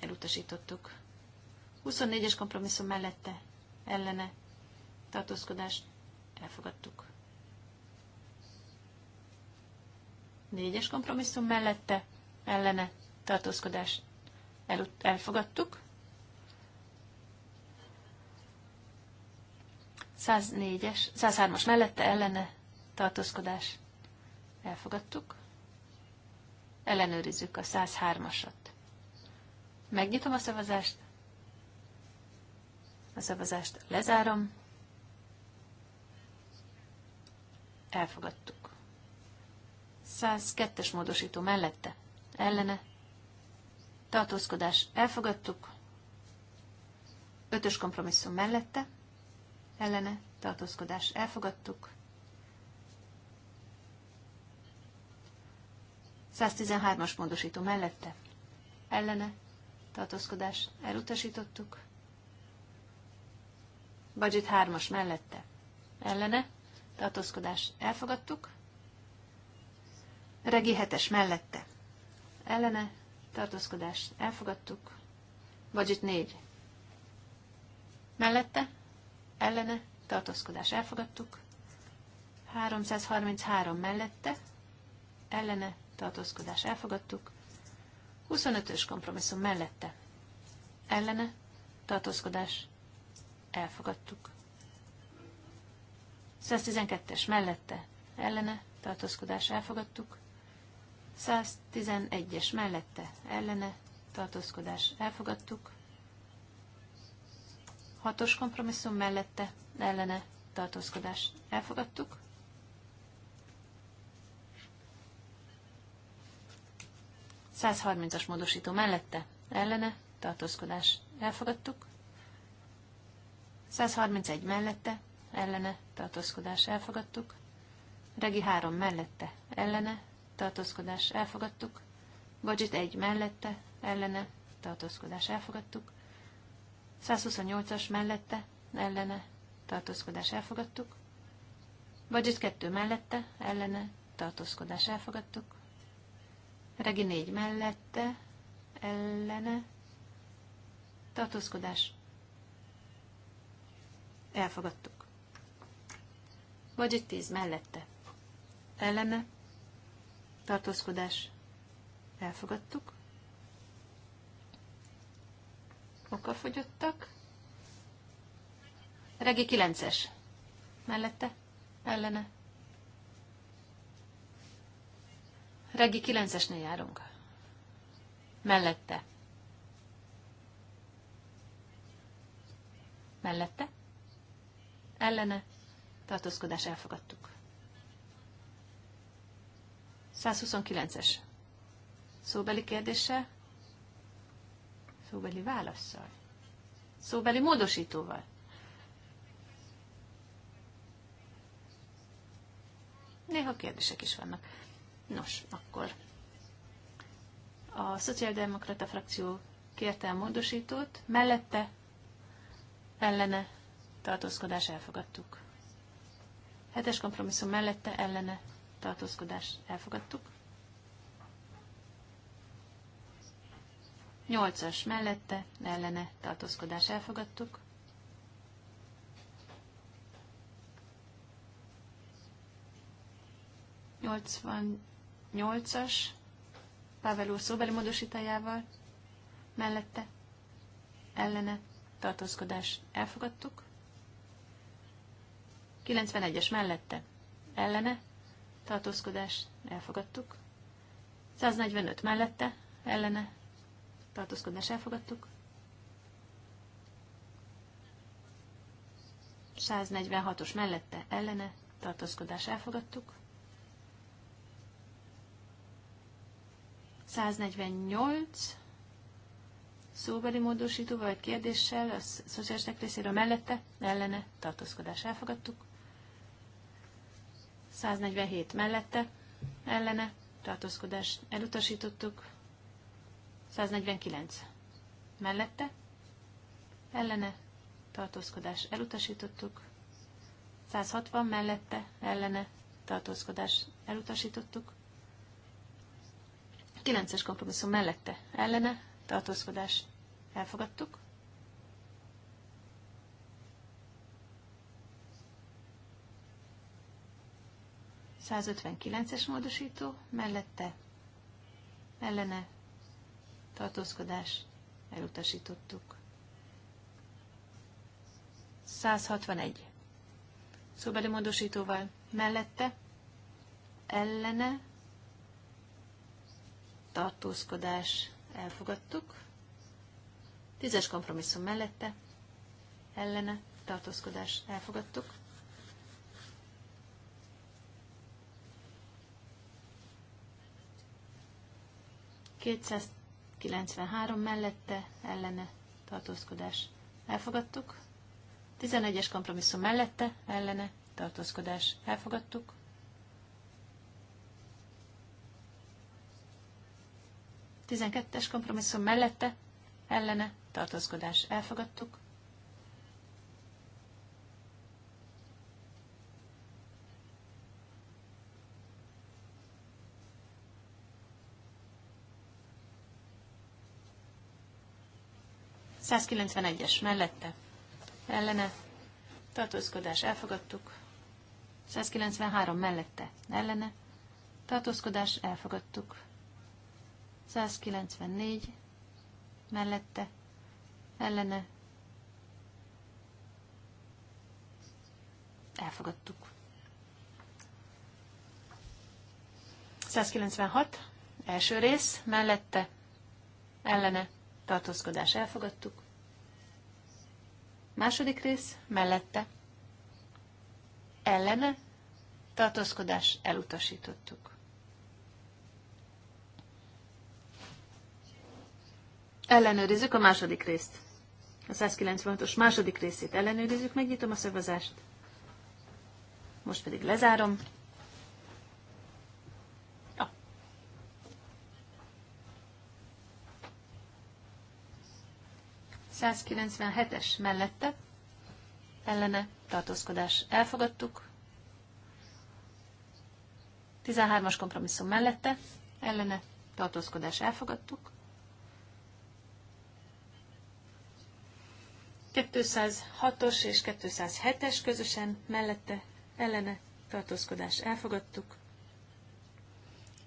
elutasítottuk. 24-es kompromisszum mellette ellene tartózkodás elfogadtuk. 4-es kompromisszum mellette ellene tartózkodást el, elfogadtuk. 104-es, 103-as mellette ellene tartózkodás elfogadtuk. Ellenőrizzük a 103-asat. Megnyitom a szavazást. A szavazást lezárom. Elfogadtuk. 102-es módosító mellette ellene tartózkodás elfogadtuk, ötös kompromisszum mellette, ellene tartózkodás elfogadtuk, 113-as módosító mellette, ellene tartózkodás elutasítottuk, budget 3-as mellette, ellene tartózkodás elfogadtuk, regi 7-es mellette, ellene tartózkodás elfogadtuk. Budget 4. Mellette, ellene, tartózkodás elfogadtuk. 333 mellette, ellene, tartózkodás elfogadtuk. 25-ös kompromisszum mellette, ellene, tartózkodás elfogadtuk. 112-es mellette, ellene, tartózkodás elfogadtuk. 111-es mellette ellene tartózkodás elfogadtuk. 6-os kompromisszum mellette ellene tartózkodás elfogadtuk. as módosító mellette ellene tartózkodás elfogadtuk. 131 mellette ellene tartózkodás elfogadtuk. Regi 3 mellette ellene tartózkodás elfogadtuk, budget egy mellette, ellene, tartózkodás elfogadtuk, 128-as mellette, ellene, tartózkodás elfogadtuk, budget kettő mellette, ellene, tartózkodás elfogadtuk, regi négy mellette, ellene, tartózkodás elfogadtuk. itt tíz mellette, ellene, tartózkodás elfogadtuk. fogyottak. Regi 9-es. Mellette? Ellene? Regi 9-esnél járunk. Mellette. Mellette? Ellene? Tartózkodás elfogadtuk. 129-es. Szóbeli kérdése, Szóbeli válaszsal? Szóbeli módosítóval? Néha kérdések is vannak. Nos, akkor a Szociáldemokrata frakció kérte a módosítót, mellette ellene tartózkodás elfogadtuk. Hetes kompromisszum mellette ellene tartózkodás elfogadtuk. Nyolcas mellette ellene tartózkodás elfogadtuk. Nyolcvan nyolcas Pável szóbeli módosítájával mellette ellene tartózkodás elfogadtuk. 91-es mellette ellene tartózkodás, elfogadtuk. 145 mellette, ellene, tartózkodás, elfogadtuk. 146-os mellette, ellene, tartózkodás, elfogadtuk. 148 szóbeli módosító vagy kérdéssel a szociális részéről mellette, ellene tartózkodás elfogadtuk. 147 mellette, ellene, tartózkodás elutasítottuk, 149 mellette, ellene, tartózkodás elutasítottuk, 160 mellette, ellene, tartózkodás elutasítottuk, 9-es kompromisszum mellette, ellene, tartózkodás elfogadtuk, 159-es módosító, mellette ellene tartózkodás elutasítottuk. 161. Szóbeli módosítóval mellette ellene tartózkodás elfogadtuk. Tízes kompromisszum mellette ellene tartózkodás elfogadtuk. 293 mellette ellene tartózkodás elfogadtuk. 11-es kompromisszum mellette ellene tartózkodás elfogadtuk. es kompromisszum mellette ellene tartózkodás elfogadtuk. 191-es mellette ellene tartózkodás elfogadtuk. 193 mellette ellene tartózkodás elfogadtuk. 194 mellette ellene elfogadtuk. 196 első rész mellette ellene tartózkodás elfogadtuk. Második rész mellette ellene tartózkodás elutasítottuk. Ellenőrizzük a második részt. A 196-os második részét ellenőrizzük, megnyitom a szavazást. Most pedig lezárom. 197-es mellette ellene tartózkodás elfogadtuk. 13-as kompromisszum mellette ellene tartózkodás elfogadtuk. 206-os és 207-es közösen mellette ellene tartózkodás elfogadtuk.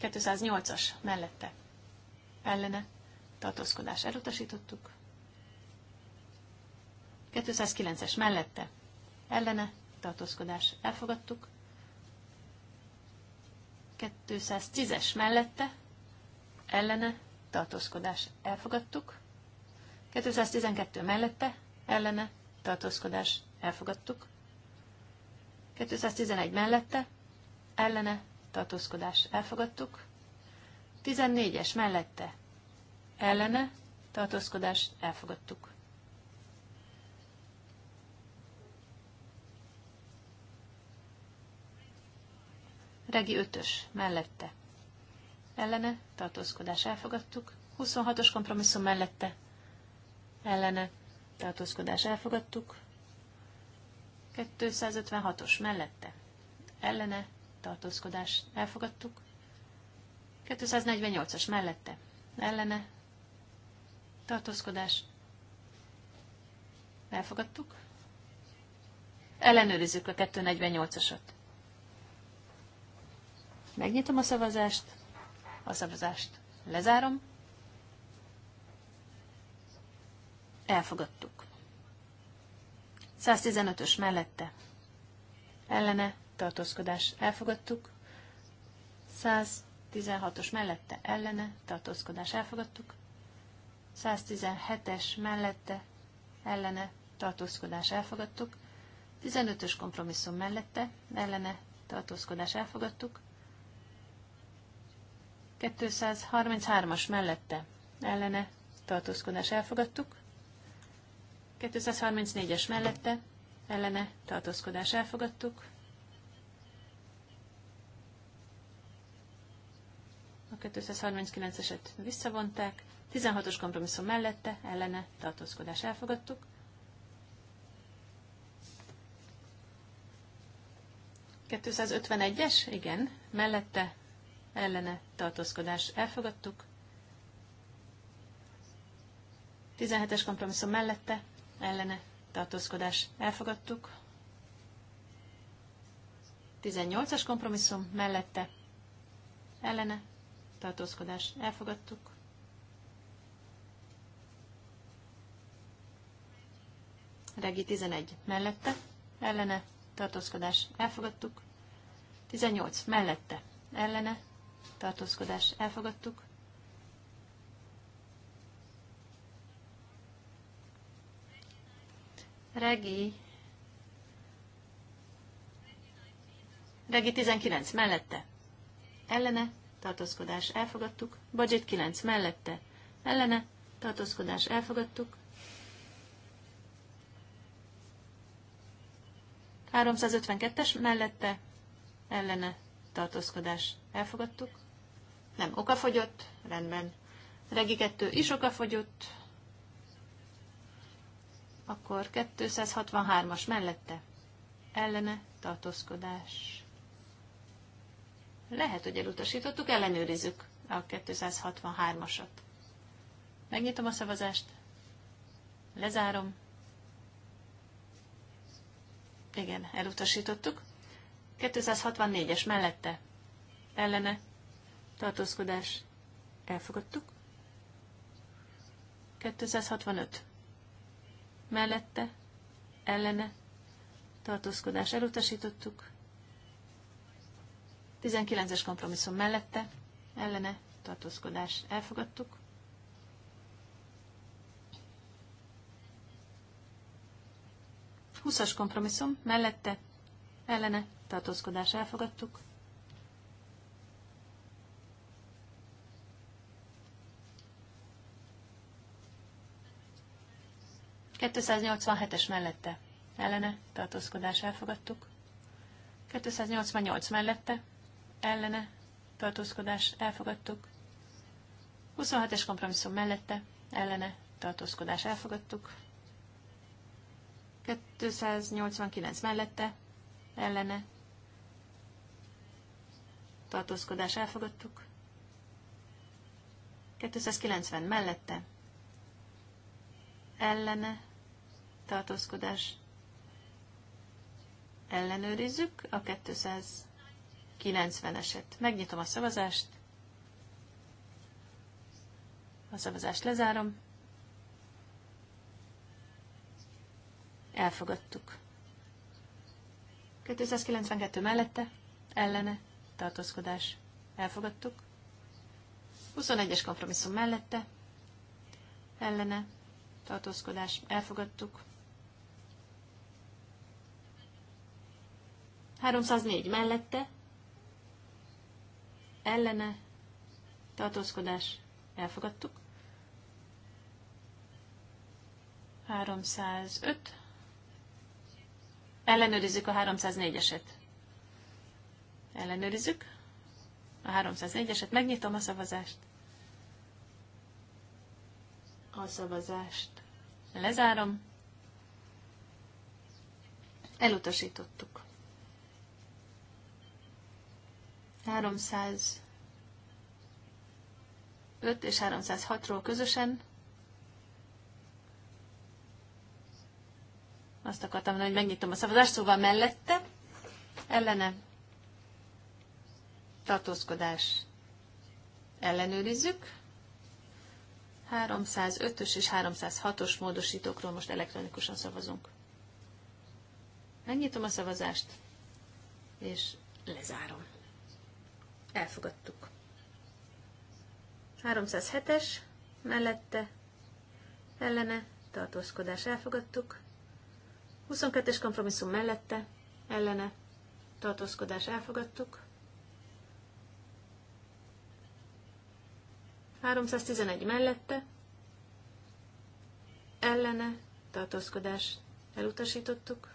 208-as mellette ellene tartózkodás elutasítottuk. 209-es mellette ellene tartózkodás elfogadtuk. 210-es mellette ellene tartózkodás elfogadtuk. 212 mellette ellene tartózkodás elfogadtuk. 211 mellette ellene tartózkodás elfogadtuk. 14-es mellette ellene tartózkodás elfogadtuk. Regi ötös mellette. Ellene tartózkodás elfogadtuk. 26-os kompromisszum mellette. Ellene tartózkodás elfogadtuk. 256-os mellette. Ellene tartózkodás elfogadtuk. 248-as mellette. Ellene tartózkodás elfogadtuk. Ellenőrizzük a 248-asat. Megnyitom a szavazást, a szavazást lezárom. Elfogadtuk. 115-ös mellette. Ellene tartózkodás. Elfogadtuk. 116-os mellette. Ellene tartózkodás. Elfogadtuk. 117-es mellette. Ellene tartózkodás. Elfogadtuk. 15-ös kompromisszum mellette. Ellene tartózkodás. Elfogadtuk. 233-as mellette ellene tartózkodás elfogadtuk. 234-es mellette ellene tartózkodás elfogadtuk. A 239-eset visszavonták. 16-os kompromisszum mellette ellene tartózkodás elfogadtuk. 251-es, igen, mellette ellene tartózkodás elfogadtuk. 17-es kompromisszum mellette ellene tartózkodás elfogadtuk. 18-as kompromisszum mellette ellene tartózkodás elfogadtuk. 11. Regi Mellette, ellene, tartózkodás, elfogadtuk. 18. Mellette, ellene, tartózkodás elfogadtuk. Regi Regi 19 mellette. Ellene, tartózkodás elfogadtuk. Budget 9 mellette. Ellene, tartózkodás elfogadtuk. 352-es mellette. Ellene, tartózkodás elfogadtuk. Nem okafogyott, rendben. Regi 2 is okafogyott, akkor 263-as mellette ellene tartózkodás. Lehet, hogy elutasítottuk, ellenőrizzük a 263-asat. Megnyitom a szavazást, lezárom. Igen, elutasítottuk. 264-es mellette ellene tartózkodás elfogadtuk. 265 mellette, ellene, tartózkodás elutasítottuk. 19-es kompromisszum mellette, ellene, tartózkodás elfogadtuk. 20-as kompromisszum mellette, ellene, tartózkodás elfogadtuk. 287-es mellette ellene tartózkodás elfogadtuk. 288 mellette ellene tartózkodás elfogadtuk. 26-es kompromisszum mellette ellene tartózkodás elfogadtuk. 289 mellette ellene tartózkodás elfogadtuk. 290 mellette ellene tartózkodás ellenőrizzük a 290-eset. Megnyitom a szavazást. A szavazást lezárom. Elfogadtuk. 292 mellette, ellene, tartózkodás. Elfogadtuk. 21-es kompromisszum mellette, ellene, tartózkodás. Elfogadtuk. 304 mellette, ellene, tartózkodás, elfogadtuk. 305. Ellenőrizzük a 304-eset. Ellenőrizzük. A 304 eset Megnyitom a szavazást. A szavazást. Lezárom. Elutasítottuk. 305 és 306-ról közösen. Azt akartam mondani, hogy megnyitom a szavazást, szóval mellette, ellene, tartózkodás, ellenőrizzük. 305-ös és 306-os módosítókról most elektronikusan szavazunk. Megnyitom a szavazást, és lezárom elfogadtuk. 307-es mellette ellene tartózkodás elfogadtuk. 22-es kompromisszum mellette ellene tartózkodás elfogadtuk. 311 mellette ellene tartózkodás elutasítottuk.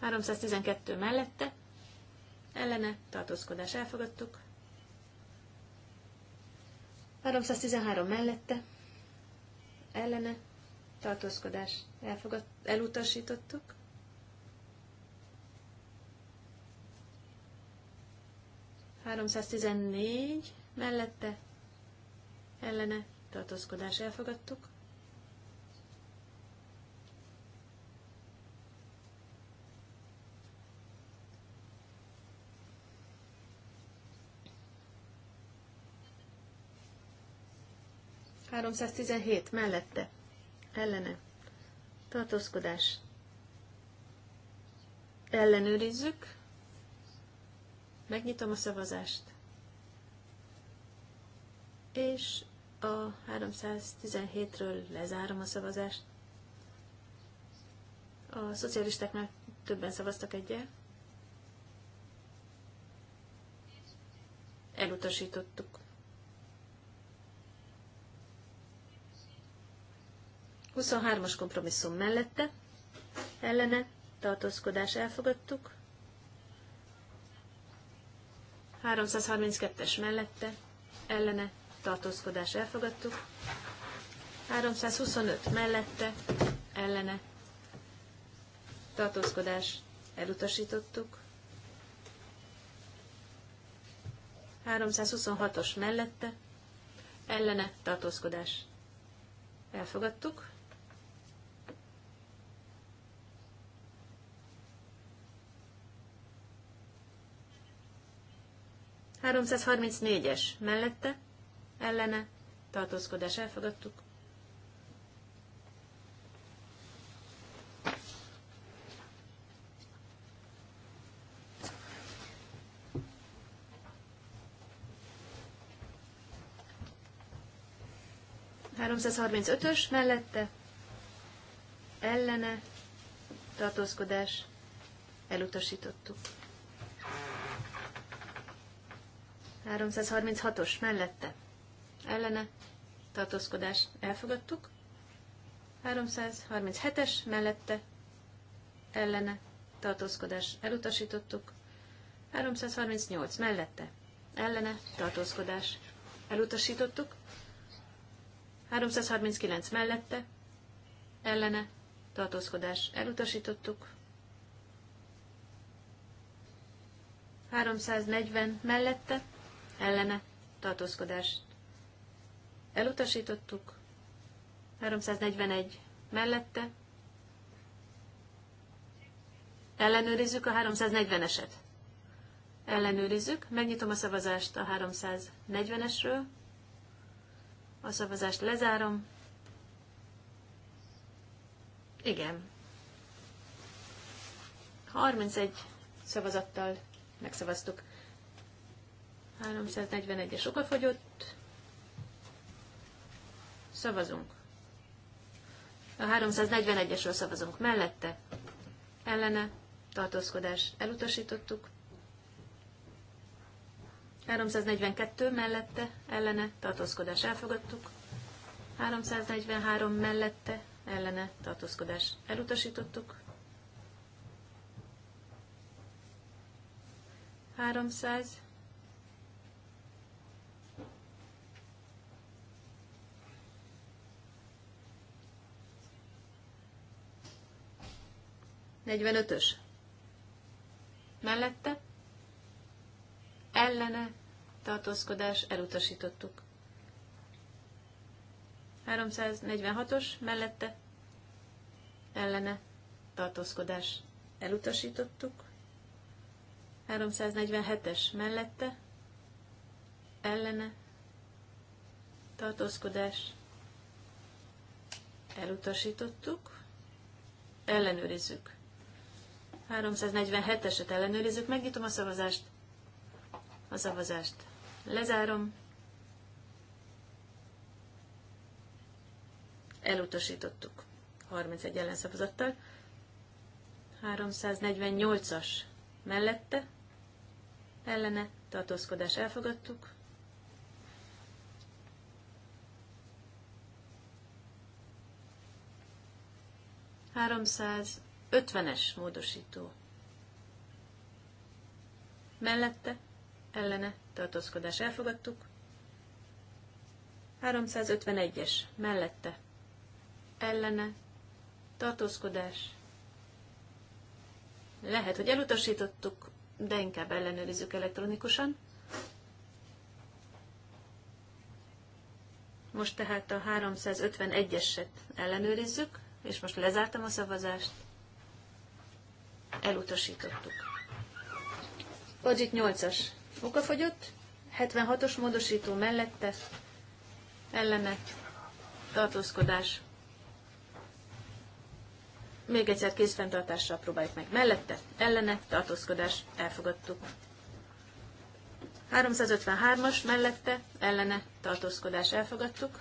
312 mellette ellene tartózkodás elfogadtuk. 313 mellette ellene tartózkodás elfogad, elutasítottuk. 314 mellette ellene tartózkodás elfogadtuk. 317 mellette, ellene, tartózkodás, ellenőrizzük, megnyitom a szavazást, és a 317-ről lezárom a szavazást. A már többen szavaztak egyel. Elutasítottuk. 23-as kompromisszum mellette, ellene, tartózkodás elfogadtuk. 332-es mellette, ellene, tartózkodás elfogadtuk. 325 mellette, ellene, tartózkodás elutasítottuk. 326-os mellette, ellene tartózkodás. Elfogadtuk. 334-es mellette, ellene, tartózkodás elfogadtuk. ös mellette ellene tartózkodás elutasítottuk. 336-os mellette ellene tartózkodás elfogadtuk. 337-es mellette ellene tartózkodás elutasítottuk. 338 mellette ellene tartózkodás elutasítottuk. 339 mellette ellene tartózkodás elutasítottuk. 340 mellette elleme tartózkodást elutasítottuk, 341 mellette, ellenőrizzük a 340-eset. Ellenőrizzük, megnyitom a szavazást a 340-esről, a szavazást lezárom, igen. 31 szavazattal megszavaztuk. 341-es okafogyott. Szavazunk. A 341-esről szavazunk mellette. Ellene. Tartózkodás. Elutasítottuk. 342 mellette. Ellene. Tartózkodás. Elfogadtuk. 343 mellette. Ellene. Tartózkodás. Elutasítottuk. 300. 45-ös. Mellette ellene tartózkodás elutasítottuk. 346-os mellette ellene tartózkodás elutasítottuk. 347-es mellette ellene tartózkodás elutasítottuk. Ellenőrizzük. 347-eset ellenőrizzük, megnyitom a szavazást. A szavazást lezárom. Elutasítottuk 31 ellenszavazattal. 348-as mellette, ellene tartózkodás elfogadtuk. Háromszáz 50-es módosító. Mellette, ellene, tartózkodás elfogadtuk. 351-es, mellette, ellene, tartózkodás. Lehet, hogy elutasítottuk, de inkább ellenőrizzük elektronikusan. Most tehát a 351-eset ellenőrizzük, és most lezártam a szavazást elutasítottuk. Budget 8-as fogyott. 76-os módosító mellette, ellene, tartózkodás. Még egyszer kézfenntartással próbáljuk meg. Mellette, ellene, tartózkodás, elfogadtuk. 353-as mellette, ellene, tartózkodás, elfogadtuk.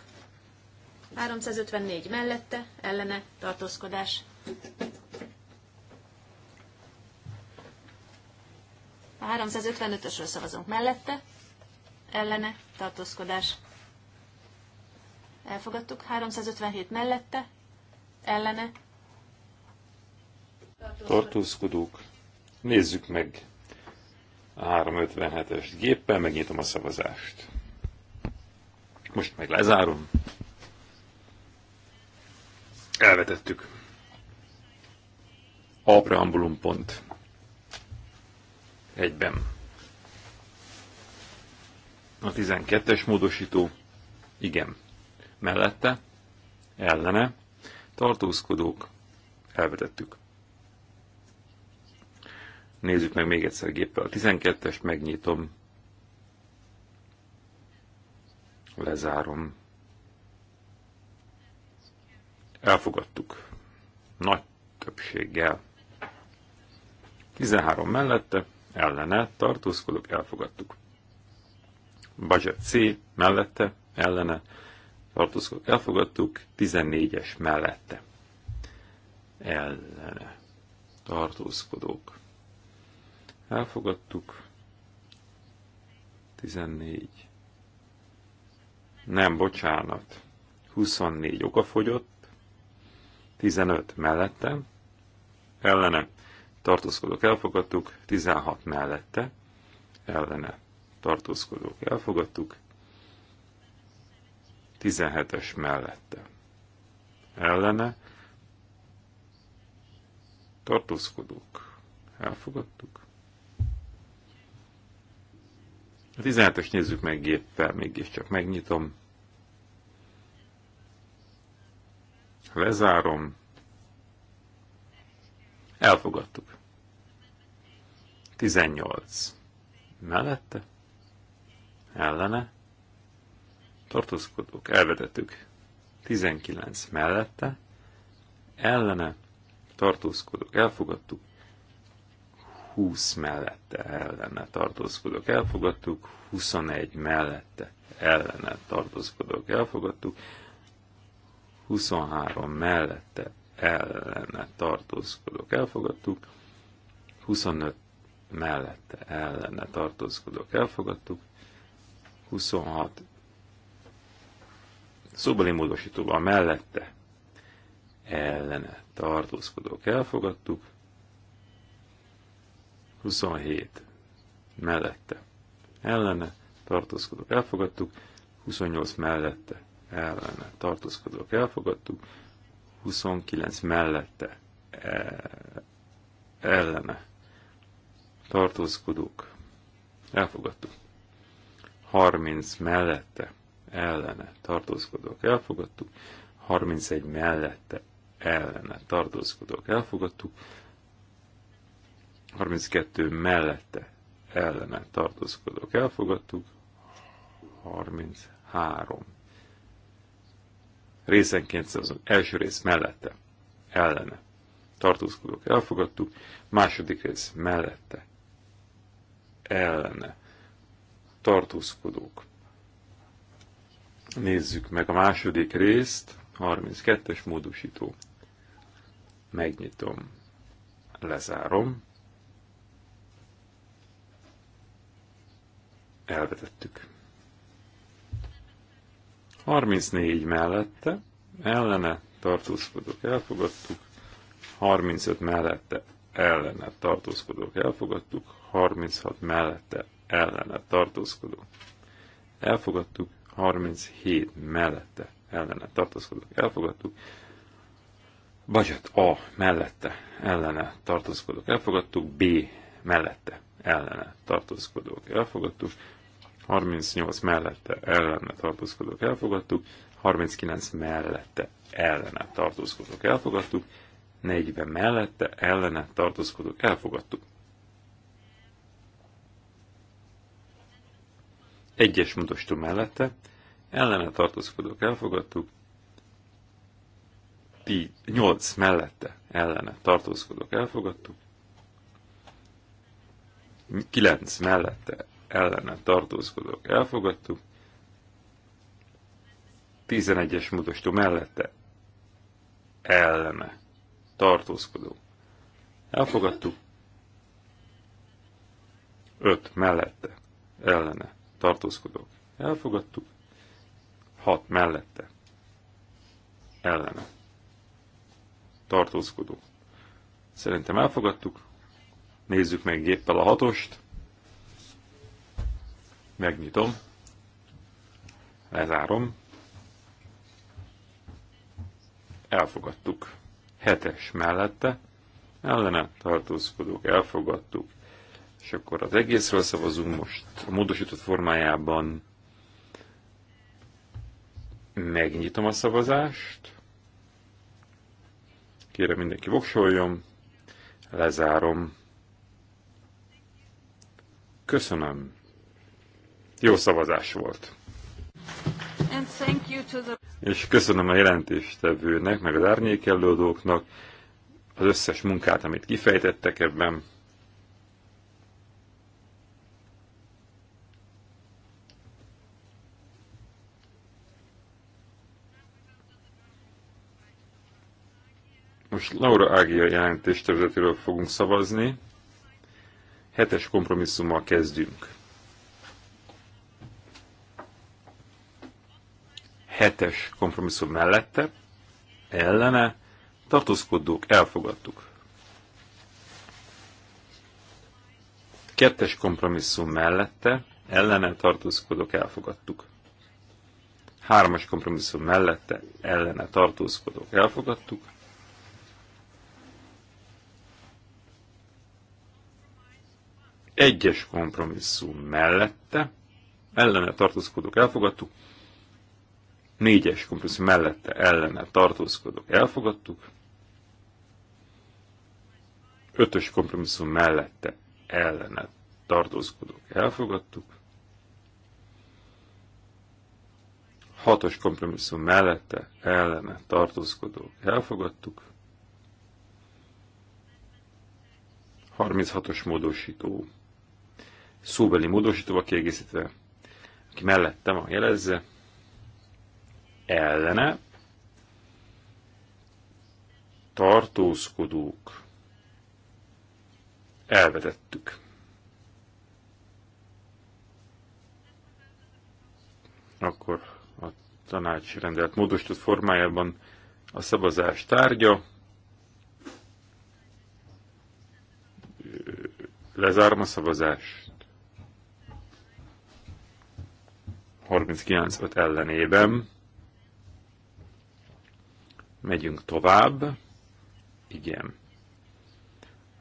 354 mellette, ellene, tartózkodás, A 355-ösről szavazunk mellette, ellene, tartózkodás. Elfogadtuk. 357 mellette, ellene. Tartózkodók. Nézzük meg a 357-es géppel, megnyitom a szavazást. Most meg lezárom. Elvetettük. A preambulum pont egyben. A 12-es módosító igen. Mellette, ellene, tartózkodók, elvetettük. Nézzük meg még egyszer géppel. A 12-est megnyitom, lezárom. Elfogadtuk. Nagy többséggel. 13 mellette, ellene tartózkodok, elfogadtuk. Budget C mellette ellene tartózkodok, elfogadtuk, 14-es mellette ellene tartózkodók elfogadtuk, 14 nem, bocsánat, 24 okafogyott, 15 mellettem, ellene tartózkodók elfogadtuk, 16 mellette, ellene tartózkodók elfogadtuk, 17-es mellette, ellene tartózkodók elfogadtuk. A 17-es nézzük meg géppel, mégiscsak megnyitom, lezárom, Elfogadtuk. 18. Mellette? Ellene? Tartózkodók, elvetettük. 19. Mellette? Ellene? Tartózkodók, elfogadtuk. 20 mellette ellene tartózkodok, elfogadtuk, 21 mellette ellene tartózkodok, elfogadtuk, 23 mellette ellene tartózkodok, elfogadtuk, 25 mellette ellene tartózkodok, elfogadtuk, 26 szóbeli módosítóval mellette ellene tartózkodók elfogadtuk, 27 mellette ellene tartózkodók elfogadtuk, 28 mellette ellene tartózkodók elfogadtuk, 29 e, mellette ellene tartózkodók elfogadtuk. 30 mellette ellene tartózkodók elfogadtuk. 31 mellette ellene tartózkodók elfogadtuk. 32 mellette ellene tartózkodók elfogadtuk. 33 részenként szavazunk. Első rész mellette, ellene. Tartózkodók elfogadtuk. Második rész mellette, ellene. Tartózkodók. Nézzük meg a második részt, 32-es módosító. Megnyitom, lezárom. Elvetettük. 34 mellette, ellene tartózkodók elfogadtuk, 35 mellette ellene tartózkodók elfogadtuk, 36 mellette ellene tartózkodók elfogadtuk, 37 mellette ellene tartózkodók elfogadtuk, budget A mellette ellene tartózkodók elfogadtuk, B mellette ellene tartózkodók elfogadtuk, 38 mellette ellene tartózkodók elfogadtuk, 39 mellette ellene tartózkodók elfogadtuk, 40 mellette ellene tartózkodók elfogadtuk. Egyes módosító mellette ellene tartózkodók elfogadtuk, 8 mellette ellene tartózkodók elfogadtuk, 9 mellette ellene tartózkodók elfogadtuk, 11-es módosító mellette ellene tartózkodó. Elfogadtuk. 5 mellette ellene tartózkodók. Elfogadtuk. 6 mellette ellene tartózkodó. Szerintem elfogadtuk. Nézzük meg géppel a hatost. Megnyitom. Lezárom. Elfogadtuk. Hetes mellette. Ellene tartózkodók. Elfogadtuk. És akkor az egészről szavazunk most a módosított formájában. Megnyitom a szavazást. Kérem mindenki voksoljon. Lezárom. Köszönöm. Jó szavazás volt. És köszönöm a jelentéstevőnek, meg az árnyékelődóknak az összes munkát, amit kifejtettek ebben. Most Laura Ágia jelentéstervezetéről fogunk szavazni. Hetes kompromisszummal kezdünk. hetes kompromisszum mellette, ellene, tartózkodók, elfogadtuk. Kettes kompromisszum mellette, ellene tartózkodók, elfogadtuk. Hármas kompromisszum mellette, ellene tartózkodók, elfogadtuk. Egyes kompromisszum mellette, ellene tartózkodók, elfogadtuk. Négyes kompromisszum mellette ellene tartózkodok. Elfogadtuk. Ötös kompromisszum mellette ellene tartózkodok. Elfogadtuk. Hatos kompromisszum mellette ellene tartózkodók. Elfogadtuk. 36-os módosító. Szóbeli módosítóval kiegészítve, aki mellettem, a jelezze ellene tartózkodók elvetettük. Akkor a tanács rendelt módosított formájában a szavazás tárgya. Lezárom a szavazást. 39 ellenében Megyünk tovább. Igen.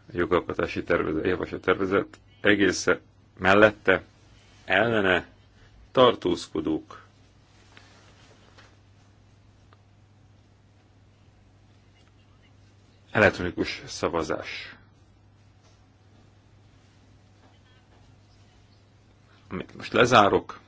A jogalkotási tervezet, javaslat tervezet egészen mellette ellene tartózkodók. Elektronikus szavazás. Amit most lezárok.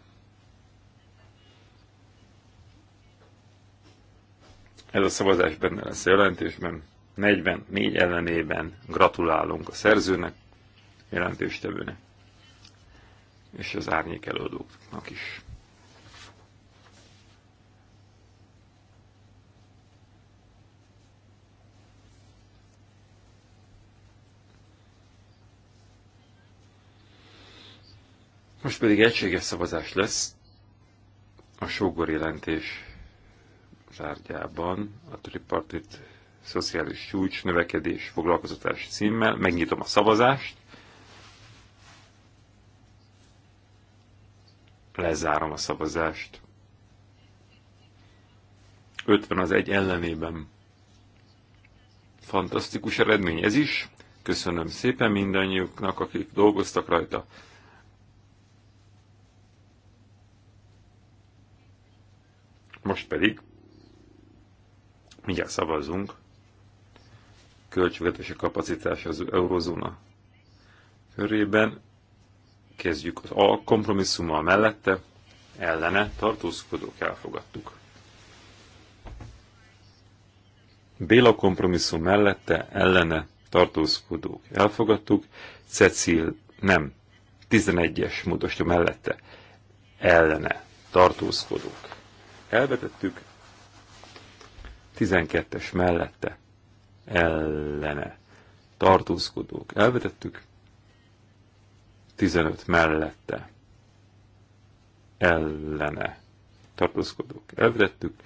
Ez a szavazás benne lesz a jelentésben. 44 ellenében gratulálunk a szerzőnek, jelentéstevőnek, és az árnyék előadóknak is. Most pedig egységes szavazás lesz a sógor jelentés tárgyában a tripartit szociális csúcs növekedés foglalkoztatás címmel. Megnyitom a szavazást. Lezárom a szavazást. 50 az egy ellenében. Fantasztikus eredmény ez is. Köszönöm szépen mindannyiuknak, akik dolgoztak rajta. Most pedig Mindjárt szavazunk. Költségvetési kapacitás az eurozóna körében. Kezdjük az A kompromisszummal mellette, ellene tartózkodók elfogadtuk. Béla kompromisszum mellette, ellene tartózkodók elfogadtuk. Cecil nem, 11-es módosítja mellette ellene tartózkodók. Elvetettük 12-es mellette ellene tartózkodók elvetettük, 15 mellette ellene tartózkodók elvetettük,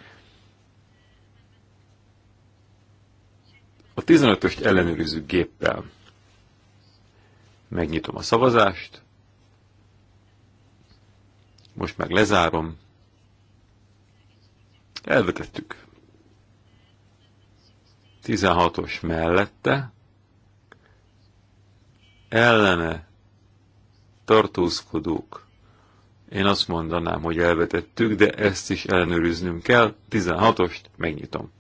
a 15-öst ellenőrizzük géppel. Megnyitom a szavazást, most meg lezárom, elvetettük. 16-os mellette, ellene tartózkodók. Én azt mondanám, hogy elvetettük, de ezt is ellenőriznünk kell. 16-ost megnyitom.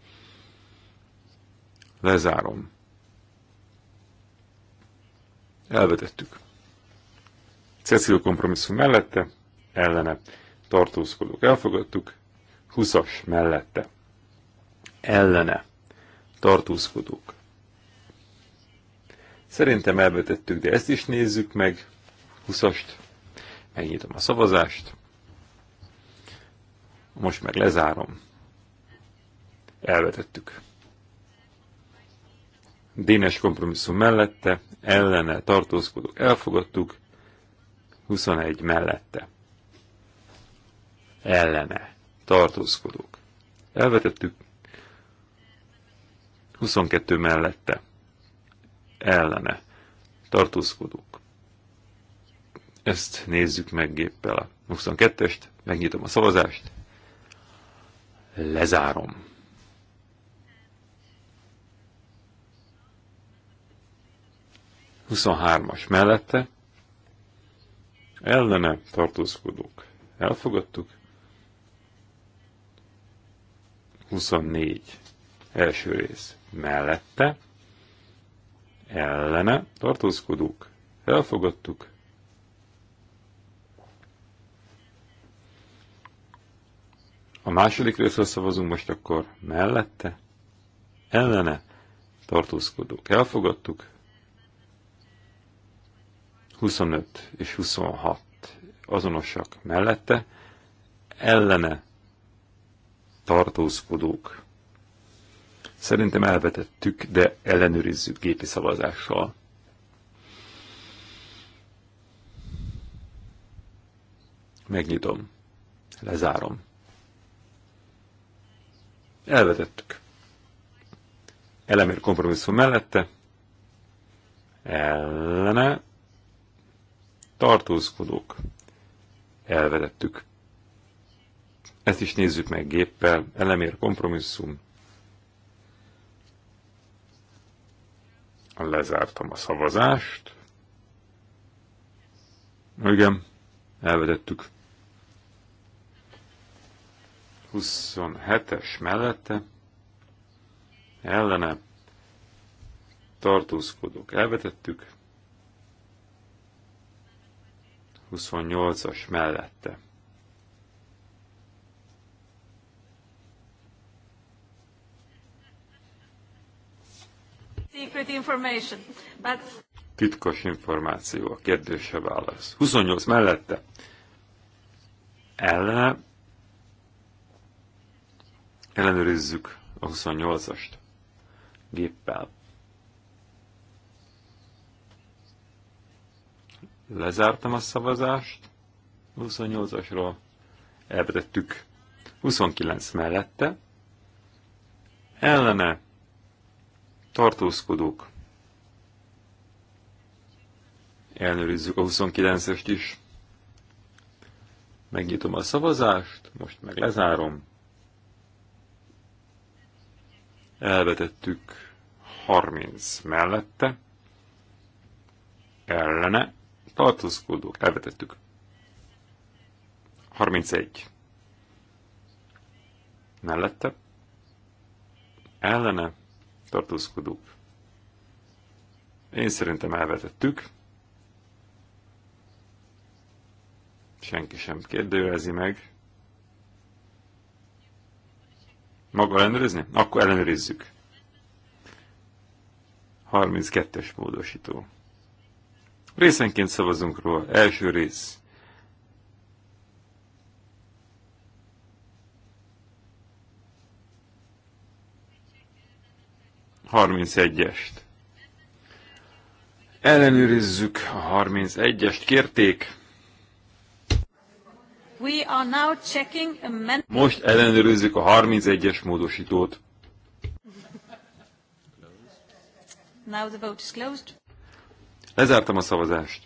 Lezárom. Elvetettük. Cecil kompromisszum mellette, ellene tartózkodók elfogadtuk, 20-as mellette, ellene tartózkodók. Szerintem elvetettük, de ezt is nézzük meg. 20-ast. Megnyitom a szavazást. Most meg lezárom. Elvetettük. Dénes kompromisszum mellette, ellene tartózkodók elfogadtuk, 21 mellette. Ellene tartózkodók. Elvetettük, 22 mellette ellene Tartózkodunk. Ezt nézzük meg géppel a 22-est, megnyitom a szavazást, lezárom. Huszonhármas mellette ellene tartózkodók. Elfogadtuk. 24. Első rész mellette, ellene tartózkodók, elfogadtuk. A második részre szavazunk most akkor mellette, ellene tartózkodók, elfogadtuk. 25 és 26 azonosak mellette, ellene tartózkodók Szerintem elvetettük, de ellenőrizzük gépi szavazással. Megnyitom. Lezárom. Elvetettük. Elemér kompromisszum mellette. Ellene. Tartózkodók. Elvetettük. Ezt is nézzük meg géppel. Elemér kompromisszum. Lezártam a szavazást. Igen, elvedettük. 27-es mellette ellene tartózkodók elvetettük, 28-as mellette secret information, but... Titkos információ, a kérdése válasz. 28 mellette. Ellen, ellenőrizzük a 28-ast géppel. Lezártam a szavazást. 28-asról elvetettük 29 mellette. Ellene tartózkodók. Elnőrizzük a 29-est is. Megnyitom a szavazást, most meg lezárom. Elvetettük 30 mellette, ellene, tartózkodók, elvetettük. 31 mellette, ellene, tartózkodók. Én szerintem elvetettük. Senki sem kérdőjelezi meg. Maga ellenőrizni? Akkor ellenőrizzük. 32-es módosító. Részenként szavazunk róla. Első rész. 31-est. Ellenőrizzük a 31-est, kérték. We are now checking amendment. Most ellenőrizzük a 31-es módosítót. Now the vote is closed. Lezártam a szavazást.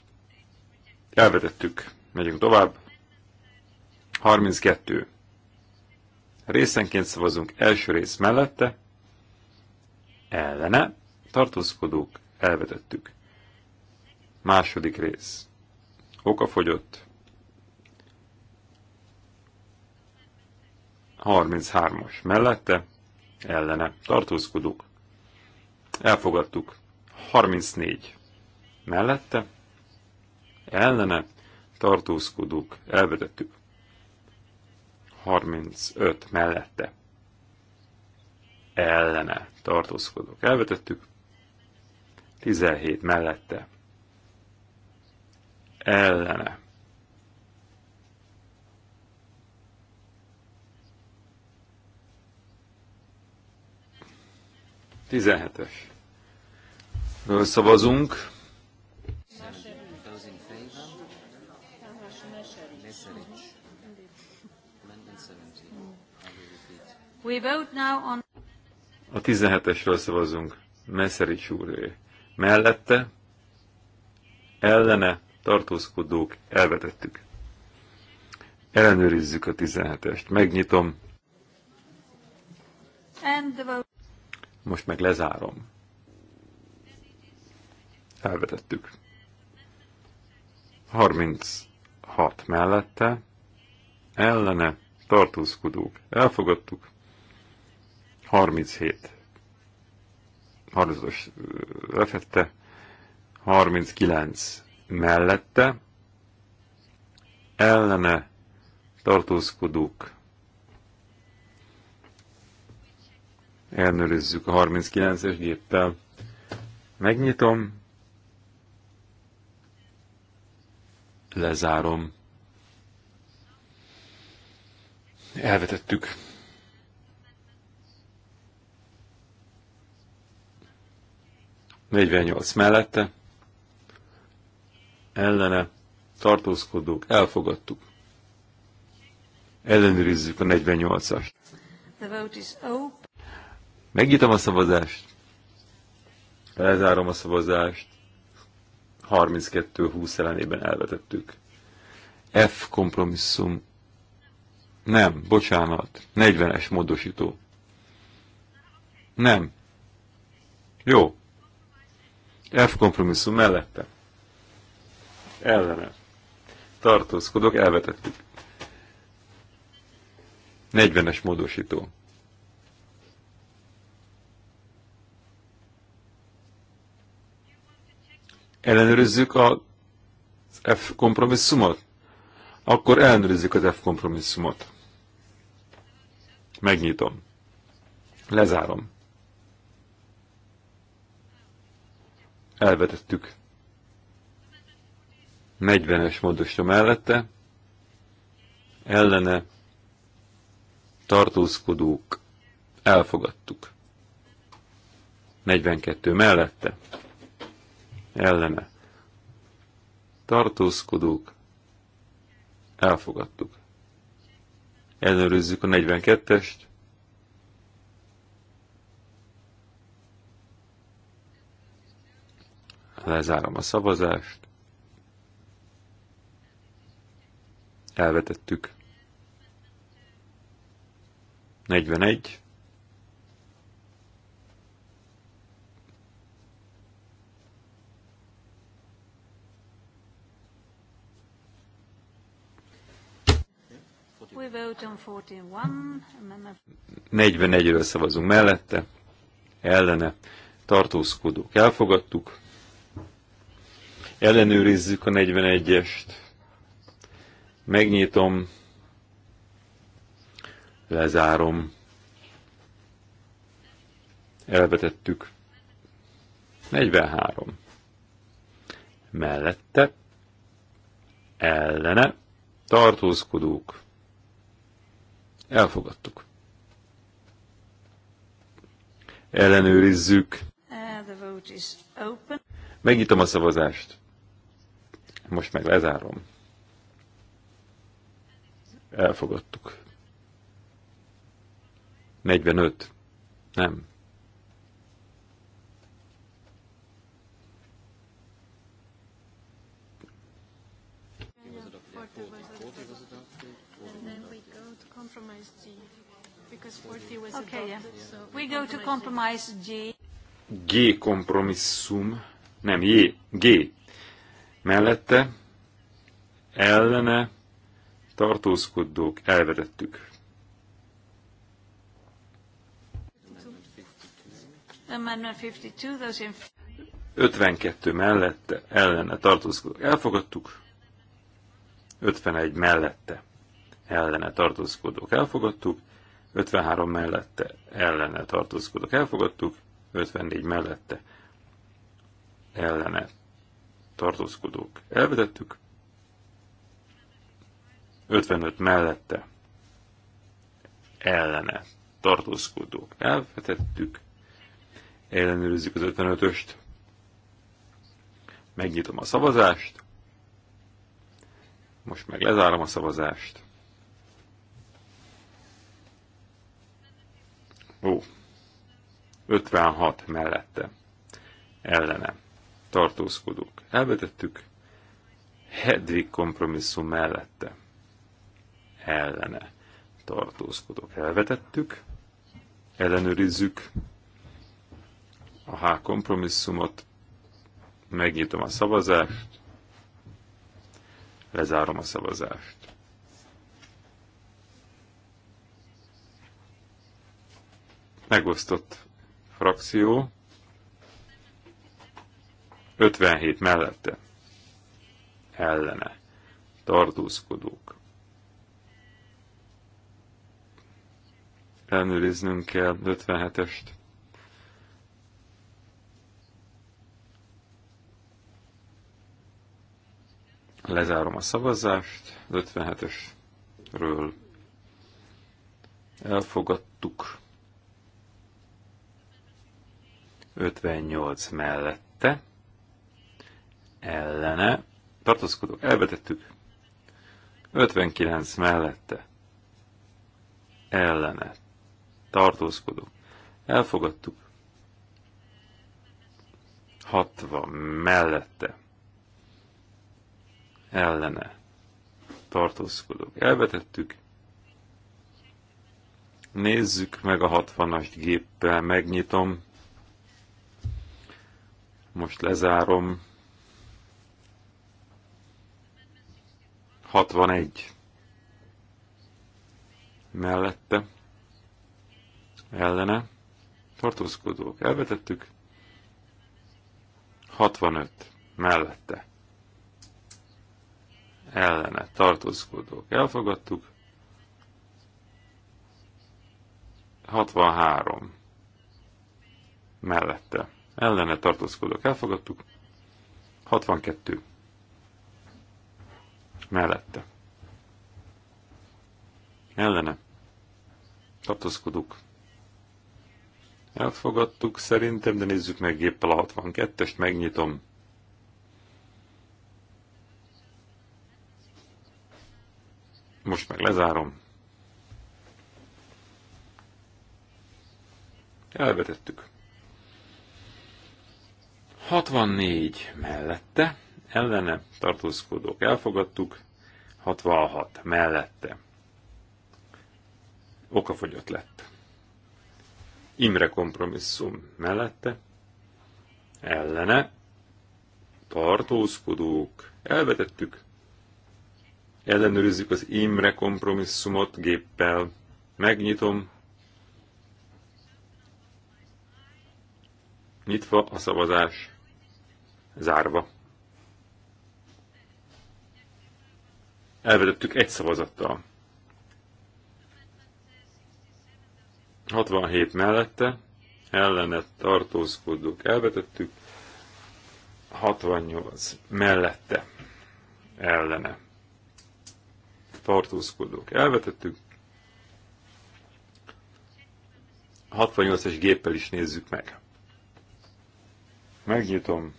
Elvetettük. Megyünk tovább. 32. Részenként szavazunk első rész mellette, ellene tartózkodók elvetettük. Második rész. Oka fogyott. 33-as mellette ellene tartózkodók. Elfogadtuk. 34 mellette ellene tartózkodók elvetettük. 35 mellette ellene tartózkodók elvetettük, 17 mellette ellene. Tizenhetes. Szavazunk. We vote now on a 17-esről szavazunk. Meszerics úré. Mellette ellene tartózkodók elvetettük. Ellenőrizzük a 17-est. Megnyitom. Most meg lezárom. Elvetettük. 36 mellette ellene tartózkodók. Elfogadtuk. 37. 35-ös lefette, 39 mellette, ellene tartózkodók. Elnőrizzük a 39-es géppel. Megnyitom, lezárom. Elvetettük. 48 mellette, ellene tartózkodók, elfogadtuk. Ellenőrizzük a 48-ast. Megnyitom a szavazást. Lezárom a szavazást. 32-20 ellenében elvetettük. F kompromisszum. Nem, bocsánat. 40-es módosító. Nem. Jó, F kompromisszum mellette. Ellene. Tartózkodok, elvetettük. 40-es módosító. Ellenőrizzük a F kompromisszumot? Akkor ellenőrizzük az F kompromisszumot. Megnyitom. Lezárom. elvetettük. 40-es módosra mellette, ellene tartózkodók elfogadtuk. 42 mellette, ellene tartózkodók elfogadtuk. Ellenőrizzük a 42-est, Lezárom a szavazást. Elvetettük. 41. We vote on 41-ről szavazunk mellette, ellene, tartózkodók elfogadtuk, Ellenőrizzük a 41-est. Megnyitom. Lezárom. Elvetettük. 43. Mellette. Ellene. Tartózkodók. Elfogadtuk. Ellenőrizzük. Uh, Megnyitom a szavazást. Most meg lezárom. Elfogadtuk. 45. Nem. G kompromisszum, nem J, G mellette ellene tartózkodók elvetettük. Ötvenkettő 52, mellette ellene tartózkodók elfogadtuk, 51 mellette ellene tartózkodók elfogadtuk, 53 mellette ellene tartózkodók elfogadtuk, 54 mellette ellene tartózkodók elvetettük, 55 mellette ellene tartózkodók elvetettük, ellenőrizzük az 55-öst, megnyitom a szavazást, most meg lezárom a szavazást. Ó, 56 mellette ellene tartózkodunk. Elvetettük Hedvig kompromisszum mellette ellene tartózkodok. Elvetettük, ellenőrizzük a H kompromisszumot, megnyitom a szavazást, lezárom a szavazást. Megosztott frakció, 57 mellette ellene tartózkodók. Ellenőriznünk kell 57-est. Lezárom a szavazást 57-esről. Elfogadtuk 58 mellette ellene, tartózkodók, elvetettük. 59 mellette, ellene, tartózkodók, elfogadtuk. 60 mellette, ellene, tartózkodók, elvetettük. Nézzük meg a 60-as géppel, megnyitom. Most lezárom. 61 mellette ellene tartózkodók elvetettük, 65 mellette ellene tartózkodók elfogadtuk, 63 mellette ellene tartózkodók elfogadtuk, 62 mellette. Ellene. Tartózkodunk. Elfogadtuk szerintem, de nézzük meg géppel a 62-est, megnyitom. Most meg lezárom. Elvetettük. 64 mellette ellene tartózkodók elfogadtuk, 66 mellette. Okafogyott lett. Imre kompromisszum mellette, ellene tartózkodók elvetettük, ellenőrizzük az Imre kompromisszumot géppel, megnyitom, nyitva a szavazás, zárva. elvetettük egy szavazattal. 67 mellette, ellene tartózkodók elvetettük, 68 mellette, ellene tartózkodók elvetettük, 68 es géppel is nézzük meg. Megnyitom.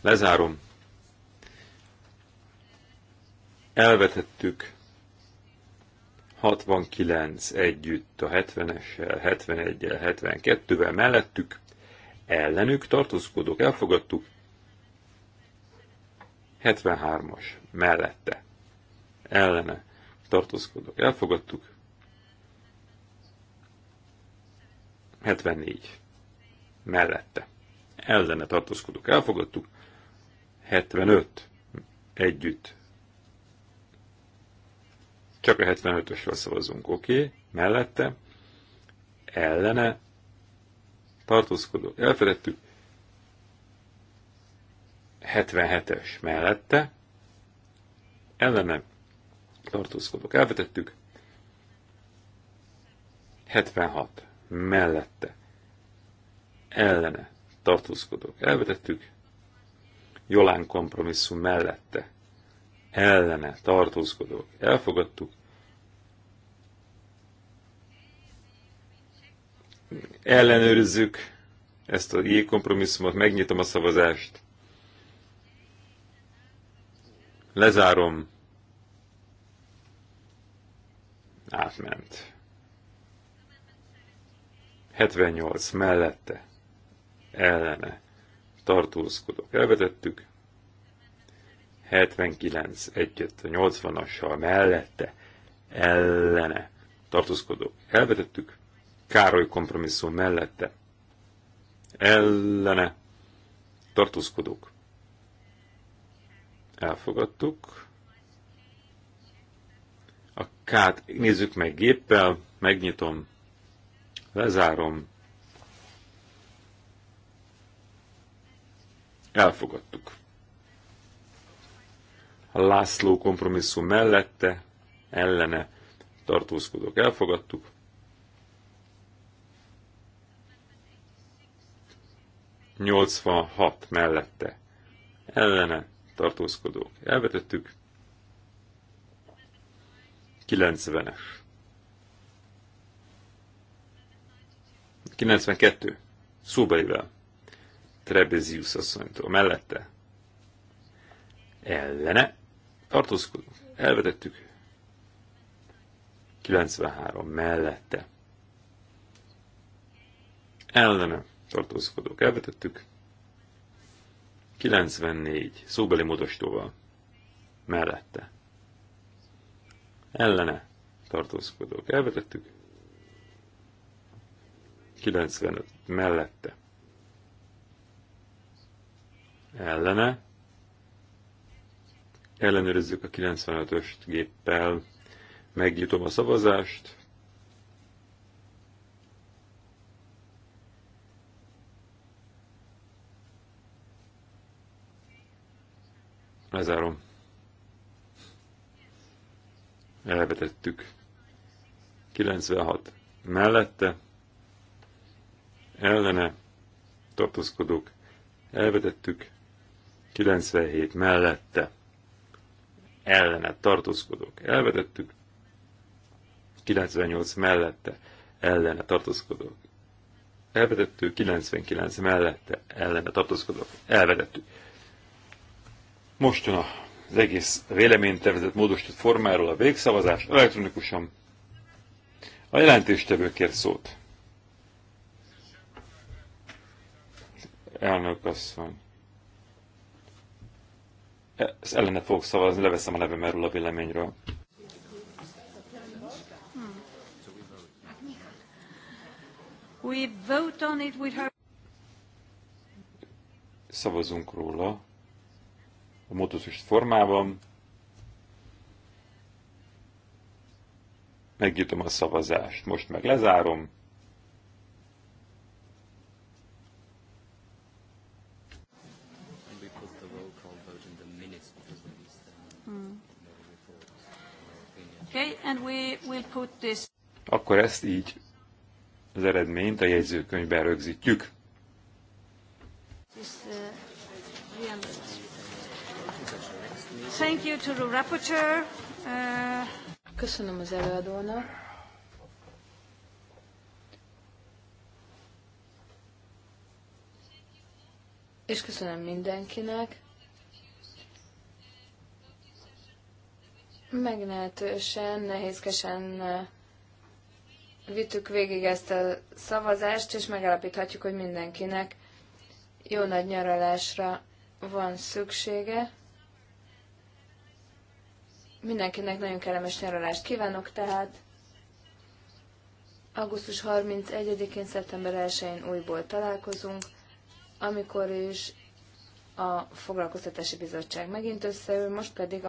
Lezárom. elvetettük 69 együtt a 70-essel, 71-el, 72-vel mellettük, ellenük tartózkodók elfogadtuk, 73-as mellette, ellene tartózkodók elfogadtuk, 74 mellette, ellene tartózkodók elfogadtuk, 75 együtt csak a 75-ösről szavazunk, oké, okay. mellette, ellene, tartózkodó, elfelejtettük, 77-es mellette, ellene, tartózkodók, elvetettük, 76 mellette, ellene, tartózkodók, elvetettük, Jolán kompromisszum mellette, ellene tartózkodók, elfogadtuk, ellenőrizzük ezt a jégkompromisszumot, kompromisszumot, megnyitom a szavazást, lezárom, átment. 78 mellette, ellene, tartózkodok, elvetettük, 79 egyet a 80-assal mellette, ellene, tartózkodok, elvetettük, Károly kompromisszum mellette ellene tartózkodók. Elfogadtuk. A kát nézzük meg géppel, megnyitom, lezárom. Elfogadtuk. A László kompromisszum mellette, ellene tartózkodók elfogadtuk. 86 mellette ellene tartózkodók. Elvetettük 90-es. 92. Szóbelivel. Trebezius asszonytól. Mellette. Ellene. Tartózkodó. Elvetettük. 93. Mellette. Ellene tartózkodók elvetettük. 94 szóbeli módostóval mellette ellene tartózkodók elvetettük. 95 mellette ellene ellenőrizzük a 95-öst géppel, megnyitom a szavazást, Lezárom. Elvetettük. 96. Mellette. Ellene. Tartózkodók. Elvetettük. 97. Mellette. Ellene. Tartózkodók. Elvetettük. 98. Mellette. Ellene. Tartózkodók Elvetettük. 99 mellette ellene Tartózkodók. Elvetettük. Most jön az egész véleménytervezet módosított formáról a végszavazás elektronikusan. A jelentéstevő kér szót. Elnök asszony. Ezt ellene fogok szavazni, leveszem a nevem erről a véleményről. We vote on it with her. Szavazunk róla a módosított formában. Megnyitom a szavazást. Most meg lezárom. Akkor ezt így az eredményt a jegyzőkönyvben rögzítjük. This, uh, Thank you to the rapporteur. Uh, köszönöm az előadónak. És köszönöm mindenkinek. Meglehetősen, nehézkesen uh, vittük végig ezt a szavazást, és megállapíthatjuk, hogy mindenkinek jó nagy nyaralásra van szüksége. Mindenkinek nagyon kellemes nyaralást kívánok, tehát augusztus 31-én, szeptember 1-én újból találkozunk, amikor is a Foglalkoztatási Bizottság megint összeül, most pedig